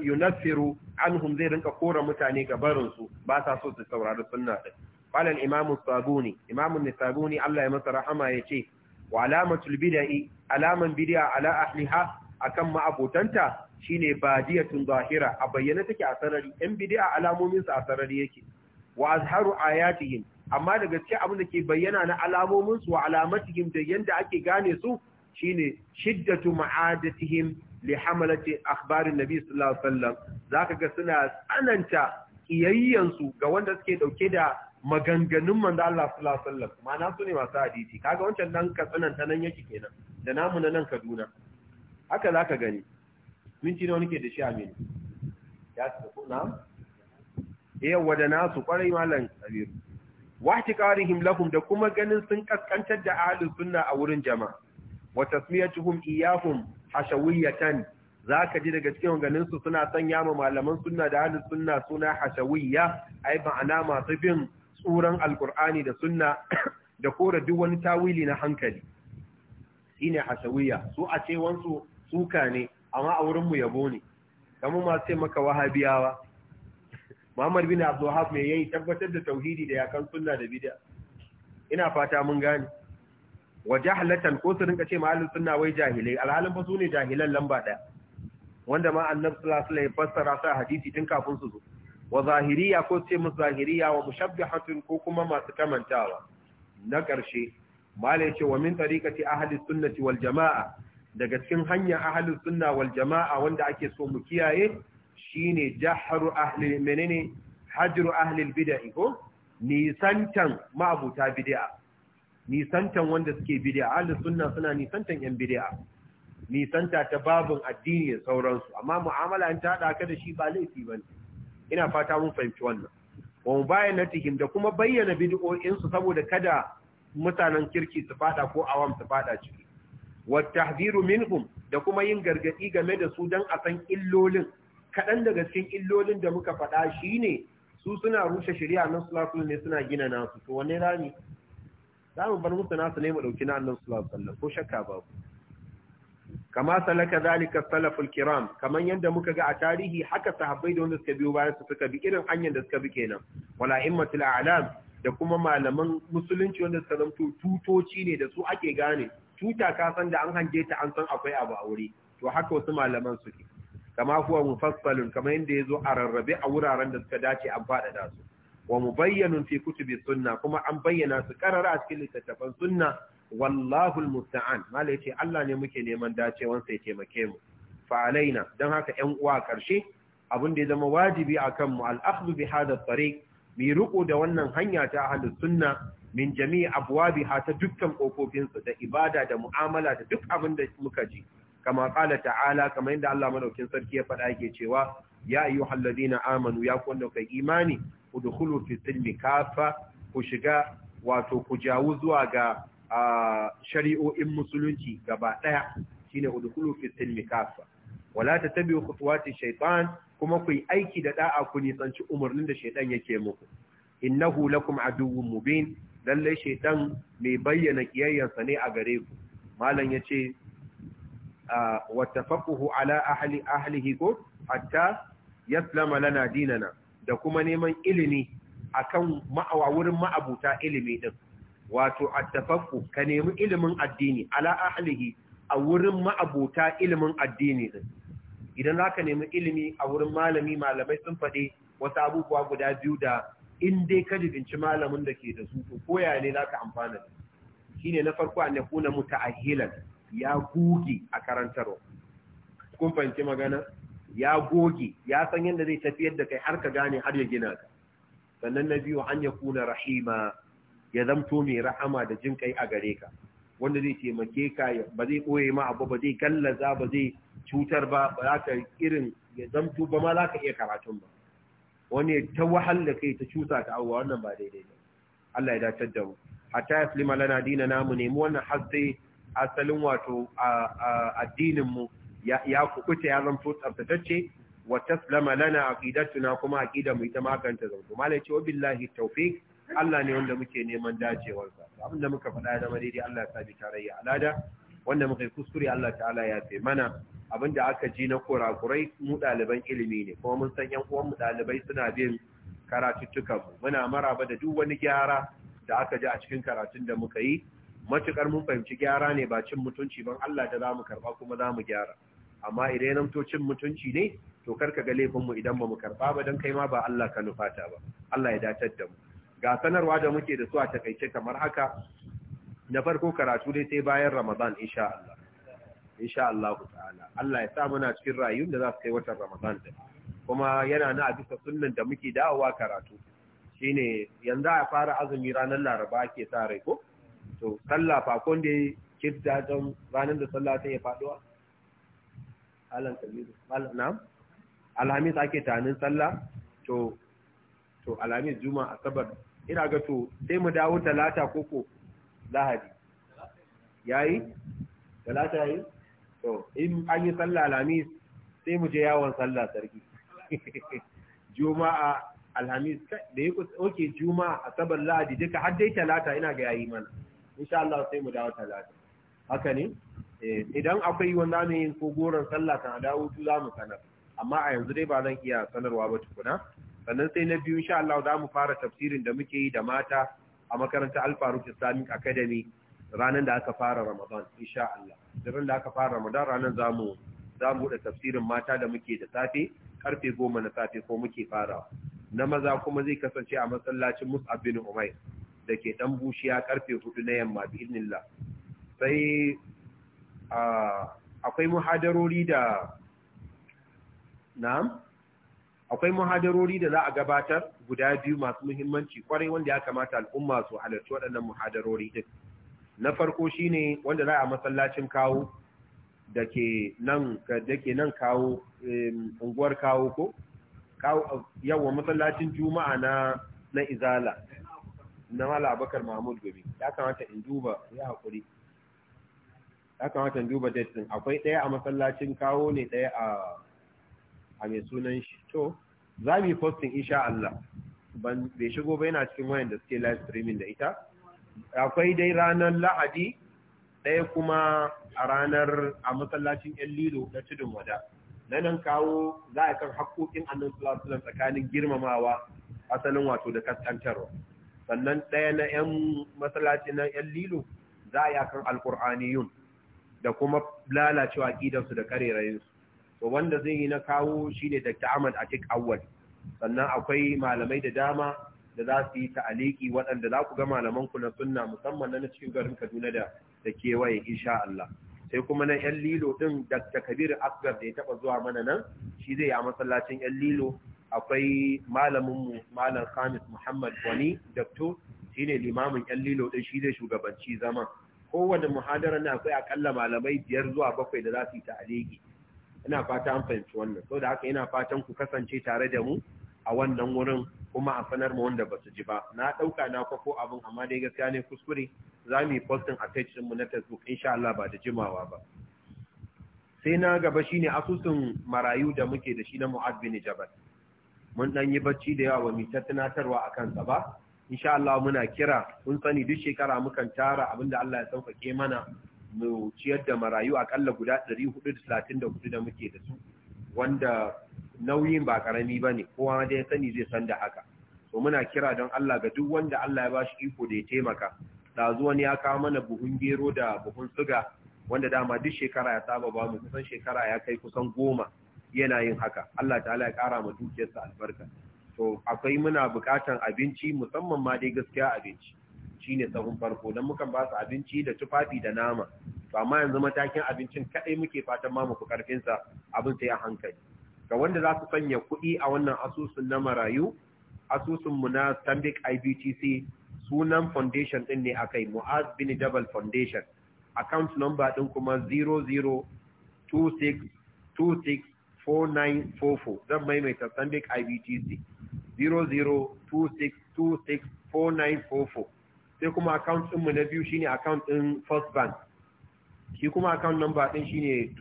Speaker 1: yunaffiru anhum zai rinka kora mutane ga barin su ba sa so su saurari sunna din qala al imam as-sabuni imam an nasabuni Allah ya masa rahama yace wa alamatul bid'i alaman bid'a ala ahliha akan ma'abotanta shine badiyatun zahira a bayyana take a sarari yan bid'a alamomin su a sarari yake wa azharu ayatihim amma daga cikin abin da ke bayyana na alamomin su wa alamatihim da yanda ake gane su shine shiddatu ma'adatihim li hamalati akhbarin nabi sallallahu alaihi wasallam zaka ga suna tsananta kiyayyansu ga wanda suke dauke da maganganun manzo Allah sallallahu alaihi wasallam ma'ana su ne masu hadisi kaga wancan dan katsinan ta nan yake kenan da namu na nan Kaduna haka zaka gani minti wani ke da shi Aminu ya su ko na eh wada nasu kwarai malam Kabiru wahtiqarihim lahum da kuma ganin sun kaskantar da ahli sunna a wurin jama'a wa tasmiyatuhum iyahum hashawiyatan zaka ji daga cikin ganin su suna sanya ma malaman sunna da ahli sunna suna hashawiyya ai ana masu bin tsuran alkur'ani da sunna da kora duk wani tawili na hankali Shi ne hashawiya su a ce wansu suka ne amma a wurinmu yabo ne kamar ma sai maka wahabiyawa Muhammad bin Abdul mai yayi tabbatar da tauhidi da yakan sunna da bid'a ina fata mun gane wa jahlatan ko su rinka ce ma ahlus sunna wai jahilai alhalin ba su ne jahilan lamba daya wanda ma annabi sallallahu alaihi wasallam ya fassara sa hadisi tun kafin su zo wa zahiriya ko ce mu zahiriya wa mushabbihatun ko kuma masu kamantawa na ƙarshe mala yace wa min tariqati ahli sunnati wal jamaa daga cikin hanya ahli sunna wal jamaa wanda ake so mu kiyaye shine jahru ahli menene hajru ahli al bid'ah ko nisantan ma'abuta bid'a nisantan wanda suke bid'a ahli sunna suna nisantan yan bid'a nisanta ta babun addini da sauransu amma mu'amala an ta hada ka da shi ba laifi bane ina fata mun fahimci wannan wa cikin da kuma bayyana bid'o'in saboda kada mutanen kirki su fada ko awam su fada ciki wa tahdhiru minhum da kuma yin gargadi game da su dan a san illolin kadan daga cikin illolin da muka fada shine su suna rushe shari'a nan sallallahu ne suna gina nasu to wanne rani za mu bar musu nasu ne mu dauki na sallallahu alaihi wasallam ko shakka babu kama salaka zalika salaful kiram kaman yanda muka ga a tarihi haka sahabbai da wanda suka biyo bayan su suka bi irin hanyar da suka bi kenan wala himmatul a'lam da kuma malaman musulunci wanda suka zamto tutoci ne da su ake gane tuta ka san da an hange ta an san akwai abu a wuri to haka wasu malaman su ke. kama huwa mufassalun kamar yanda yazo a rarrabe a wuraren da suka dace an faɗaɗa su wa mubayyanun fi kutubi sunna kuma an bayyana su karara a cikin littattafan sunna wallahul musta'an mala yace Allah ne muke neman dacewan sai taimake mu fa alaina dan haka ɗan uwa karshe abin da ya zama wajibi akan mu al-akhdhu bi hadha at-tariq mi ruku da wannan hanya ta ahlus sunna min jami'i ha ta dukkan kofofin su da ibada da mu'amala da duk abin da muka ji kama qala ta'ala kamar yadda Allah madaukin sarki ya faɗa yake cewa ya ayyuhalladhina amanu ya kunna kai imani udkhulu fi silmi kafa ku shiga wato ku jawu zuwa ga a shari'o'in musulunci gaba ɗaya shine udkhulu kulu fitin Mikasa, wala ta tattabi'u khutuwati shaytan kuma ku yi aiki da ɗa'a ku nisanci umarnin da ya yake muku innahu lakum aduwwun mubin lallai shaiɗan mai bayyana kiyayyarsa ne a gare ku malam yace wa tafaquhu ala ahli ahlihi ko hatta yaslama lana dinana da kuma neman ilimi akan wurin ma'abuta ilimi din wato attafakku ka nemi ilimin addini ala ahlihi a wurin ma'abota ilimin addini din idan za ka nemi ilimi a wurin malami malamai sun faɗe wasu abubuwa guda biyu da in dai ka jibinci malamin da ke da su ko koya ne za ka amfana da Shi ne na farko an muta muta'ahhilan ya goge a karantarwa kun fahimci magana ya goge ya san yadda zai tafiyar da kai har ka gane har ya gina ka sannan na biyu an kuna rahima ya zamto mai rahama da jin kai a gare ka wanda zai taimake ka ba zai koye ma abu ba zai gallaza ba zai cutar ba ba za ka irin ya zamto ba ma za ka iya karatun ba wani ta wahal da kai ta cuta ta abuwa wannan ba daidai ba Allah ya dace da mu hatta ya slima lana dina namu nemi wannan hasse asalin wato addinin mu ya kukuta ya zamto tsaftatacce wa taslama lana aqidatuna kuma aqida mu ita ma kanta zamto malai ce wa billahi tawfiq Allah ne wanda muke neman dacewarsa abinda muka faɗa na madidi Allah ya sabi tarayya alada wanda muka yi kuskure Allah ta'ala ya fi mana abinda aka ji na kurakurai mu ɗaliban ilimi ne kuma mun san yan uwan mu ɗalibai suna bin karatuttukan mu muna maraba da duk wani gyara da aka ji a cikin karatun da muka yi matukar mun fahimci gyara ne ba cin mutunci ban Allah da mu karba kuma za mu gyara amma idan ya namto cin mutunci ne to kar ka ga laifinmu idan ba mu karba ba don kai ma ba Allah ka nufata ba Allah ya datar da mu ga sanarwa da muke da su a takaice kamar haka na farko karatu dai sai bayan Ramadan insha Allah insha Allah ta'ala Allah ya sa muna cikin rayuwar da za su kai watan Ramadan din kuma yana na a bisa sunnan da muke dawowa karatu shine yanzu a fara azumi ranar Laraba ke sa rai ko to sallah fa kon dai kidda don ranar da sallah ta yi faduwa alan kabiru na'am alhamis ake tanin sallah to to alhamis juma'a asabar ina ga to sai mu dawo talata koko lahadi yayi talata yayi to in an yi sallah alhamis sai mu je yawon sallah sarki juma'a alhamis da yi oke juma'a asabar lahadi duka har dai talata ina ga yayi mana insha Allah sai mu dawo talata haka ne eh, idan akwai wanda mai yin ko goron sallah kan dawo tu za mu sanar amma a yanzu dai ba zan iya sanarwa ba tukuna sannan sai na biyu insha Allah za mu fara tafsirin da muke yi da mata a makarantar Al-Faruq Islamic Academy ranar da aka fara Ramadan insha Allah da aka fara Ramadan ranar za mu za da tafsirin mata da muke da safe karfe 10 na safe ko muke farawa na maza kuma zai kasance a masallacin Mus'ab bin Umair da ke dan bushiya karfe 4 na yamma bi idnillah sai ah, akwai muhadarori da na'am akwai muhadarori da za a gabatar guda biyu masu muhimmanci kwarai wanda ya kamata al'umma su halarci waɗannan muhadarori din na farko shine wanda za a masallacin kawo da ke nan da ke nan kawo unguwar kawo ko yawa masallacin juma'a na na izala na mala abakar mahmud gobe ya kamata in duba ya hakuri ya kamata in duba date akwai ɗaya a masallacin kawo ne ɗaya a a mai sunan shi to za mu yi posting insha Allah ban bai shigo ba yana cikin wayan da suke live streaming da ita akwai dai ranar Lahadi ɗaya kuma a ranar a masallacin yan lilo na tudun wada na nan kawo za a kan haƙoƙin annan sulasulan tsakanin girmamawa asalin wato da kaskantarwa sannan ɗaya na yan masallacin na yan lilo za a yi kan alƙur'aniyun da kuma lalacewa ƙidansu da ƙarerayinsu to wanda zai yi na kawo shi ne Dr. Ahmad Atik Awad sannan akwai malamai da dama da za su yi ta'aliki waɗanda za ku ga malaman ku na sunna musamman na cikin garin Kaduna da da kewaye insha Allah sai kuma na yan lilo din Dr. Kabir Asgar da ya taba zuwa mana nan shi zai yi a masallacin yan lilo akwai malamin mu malam Khamis Muhammad Wani Dr. shine limamin yan lilo din shi zai shugabanci zaman kowane muhadara na akwai akalla malamai biyar zuwa bakwai da za su yi ta'aliki ina fata an fahimci wannan so da haka ina fatan ku kasance tare da mu a wannan wurin kuma a sanar mu wanda basu ji ba na dauka na kwako abin amma dai gaskiya ne kuskure za mu yi posting a page din mu na Facebook insha Allah ba da jimawa ba sai na gaba shine asusun marayu da muke da shi na Mu'ad bin Jabal mun dan yi bacci da yawa ba mu ta tunatarwa akan sa ba insha Allah muna kira kun sani duk shekara mukan tara abinda Allah ya ke mana mu ciyar da marayu akalla guda 434 da muke da su wanda nauyin ba karami ba ne kowa da ya sani zai san da haka to muna kira don Allah ga duk wanda Allah ya bashi iko da ya taimaka zuwa wani ya kawo mana buhun gero da buhun suga wanda dama duk shekara ya saba ba mu kusan shekara ya kai kusan goma yana yin haka Allah ta'ala ya ƙara ma dukiyarsa albarka to akwai muna buƙatan abinci musamman ma dai gaskiya abinci ne sahun farko don muka ba su abinci da tufafi da nama to amma yanzu matakin abincin kadai muke fatan ma muku karfin sa abin sai a hankali ga wanda za su sanya kuɗi a wannan asusun na marayu asusun mu na Stanbic IBTC sunan foundation din ne akai Muaz bin Jabal Foundation account number din kuma 0026264944 zan maimaita Stanbic IBTC 0026264944 sai kuma account mu na biyu shine account din first bank shi kuma account number din shine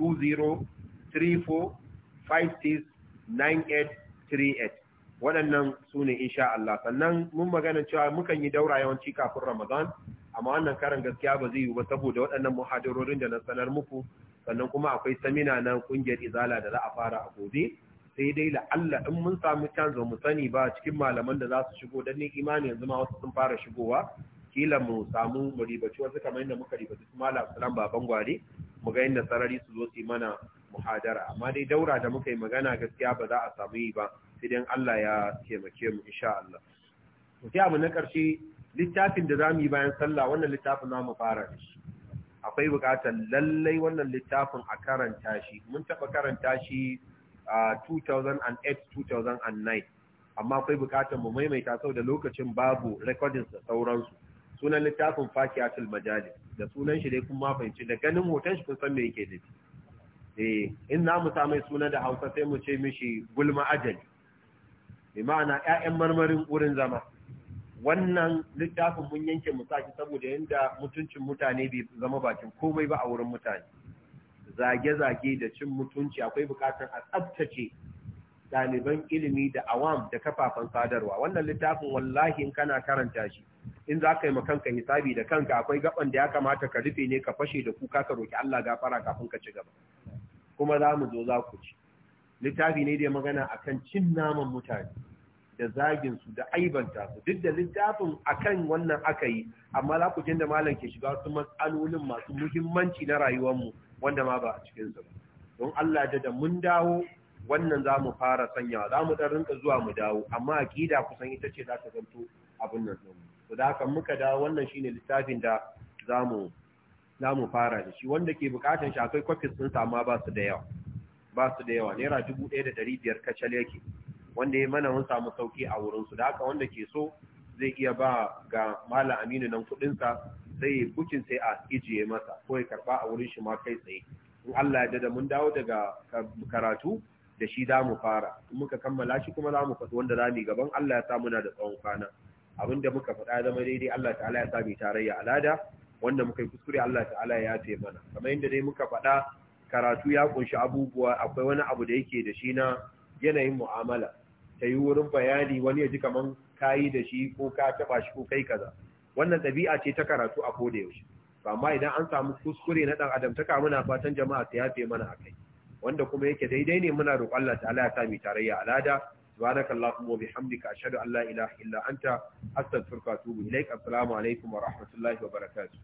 Speaker 1: 2034569838 waɗannan su ne insha Allah sannan mun magana cewa mukan yi daura yawanci kafin Ramadan amma wannan karan gaskiya ba zai yi ba saboda waɗannan muhadarorin da na sanar muku sannan kuma akwai samina na ƙungiyar izala da za a fara a gobe sai dai la'alla in mun samu canza mu sani ba cikin malaman da za su shigo don ni imanin yanzu ma wasu sun fara shigowa kila mu samu mu ribaci wasu kamar yadda muka ribaci su mala salam baban gwari mu ga inda sarari su zo su mana muhadara amma dai daura da muka yi magana gaskiya ba za a samu yi ba sai dai Allah ya taimake mu insha Allah sai abu na karshe littafin da zamu yi bayan sallah wannan littafin zamu fara da shi akwai bukatar lallai wannan littafin a karanta shi mun taba karanta shi a 2008 2009 amma akwai bukatar mu maimaita saboda lokacin babu recordings da sauransu sunan littafin fakiyatul majalis da sunan shi dai kun ma fahimci da ganin hoton shi kun san me yake nufi eh in za mu mai suna da Hausa sai mu ce mishi gulma ajali bi ma'ana ƴaƴan marmarin wurin zama wannan littafin mun yanke mu saki saboda yanda mutuncin mutane bai zama bakin komai ba a wurin mutane zage-zage da cin mutunci akwai bukatar a tsabtace ɗaliban ilimi da awam da kafafen sadarwa wannan littafin wallahi in kana karanta shi in za ka yi kanka hisabi da kanka akwai gaban da ya kamata ka rufe ne ka fashe da kuka ka roki Allah gafara kafin ka ci gaba kuma za mu zo za ku ci littafi ne da ya magana akan cin naman mutane da zagin su da aibanta su duk da littafin akan wannan aka yi amma za ku da malam ke shiga wasu matsalolin masu muhimmanci na rayuwar mu wanda ma ba a cikin su ba don Allah da da mun dawo wannan za mu fara sanyawa za mu ɗan rinka zuwa mu dawo amma aƙida kusan ita ce za ta zanto abin nan ɗin to da haka muka dawo wannan shine littafin da za mu fara da shi wanda ke buƙatar shi akwai kwafis ɗin amma ba su da yawa ba su da yawa naira dubu ɗaya da ɗari biyar kacal yake wanda ya mana mun samu sauki a wurinsu da haka wanda ke so zai iya ba ga malam aminu nan kuɗin sa sai bukin sai a ijiye masa ko ya karɓa a wurin shi ma kai tsaye in Allah ya dada mun dawo daga karatu da shi za mu fara in muka kammala shi kuma za mu faɗi wanda za mu gaban Allah ya sa muna da tsawon kwana abinda muka faɗa ya zama daidai Allah ta'ala ya sa mai tarayya alada wanda muka yi kuskure Allah ta'ala ya yafe mana kamar yadda dai muka faɗa karatu ya kunshi abubuwa akwai wani abu da yake da shi na yanayin mu'amala ta yi wurin bayani wani ya ji ka yi da shi ko ka taɓa shi ko kai kaza wannan ɗabi'a ce ta karatu a koda yaushe amma idan an samu kuskure na ɗan adam ta kamu na fatan jama'a ta yafe mana a kai wanda kuma yake daidai ne muna roƙon Allah ta'ala ya sami tarayya alada subhanaka allahumma wa bihamdika ashhadu an la ilaha illa anta astaghfiruka wa atubu ilaik assalamu alaikum wa rahmatullahi wa barakatuh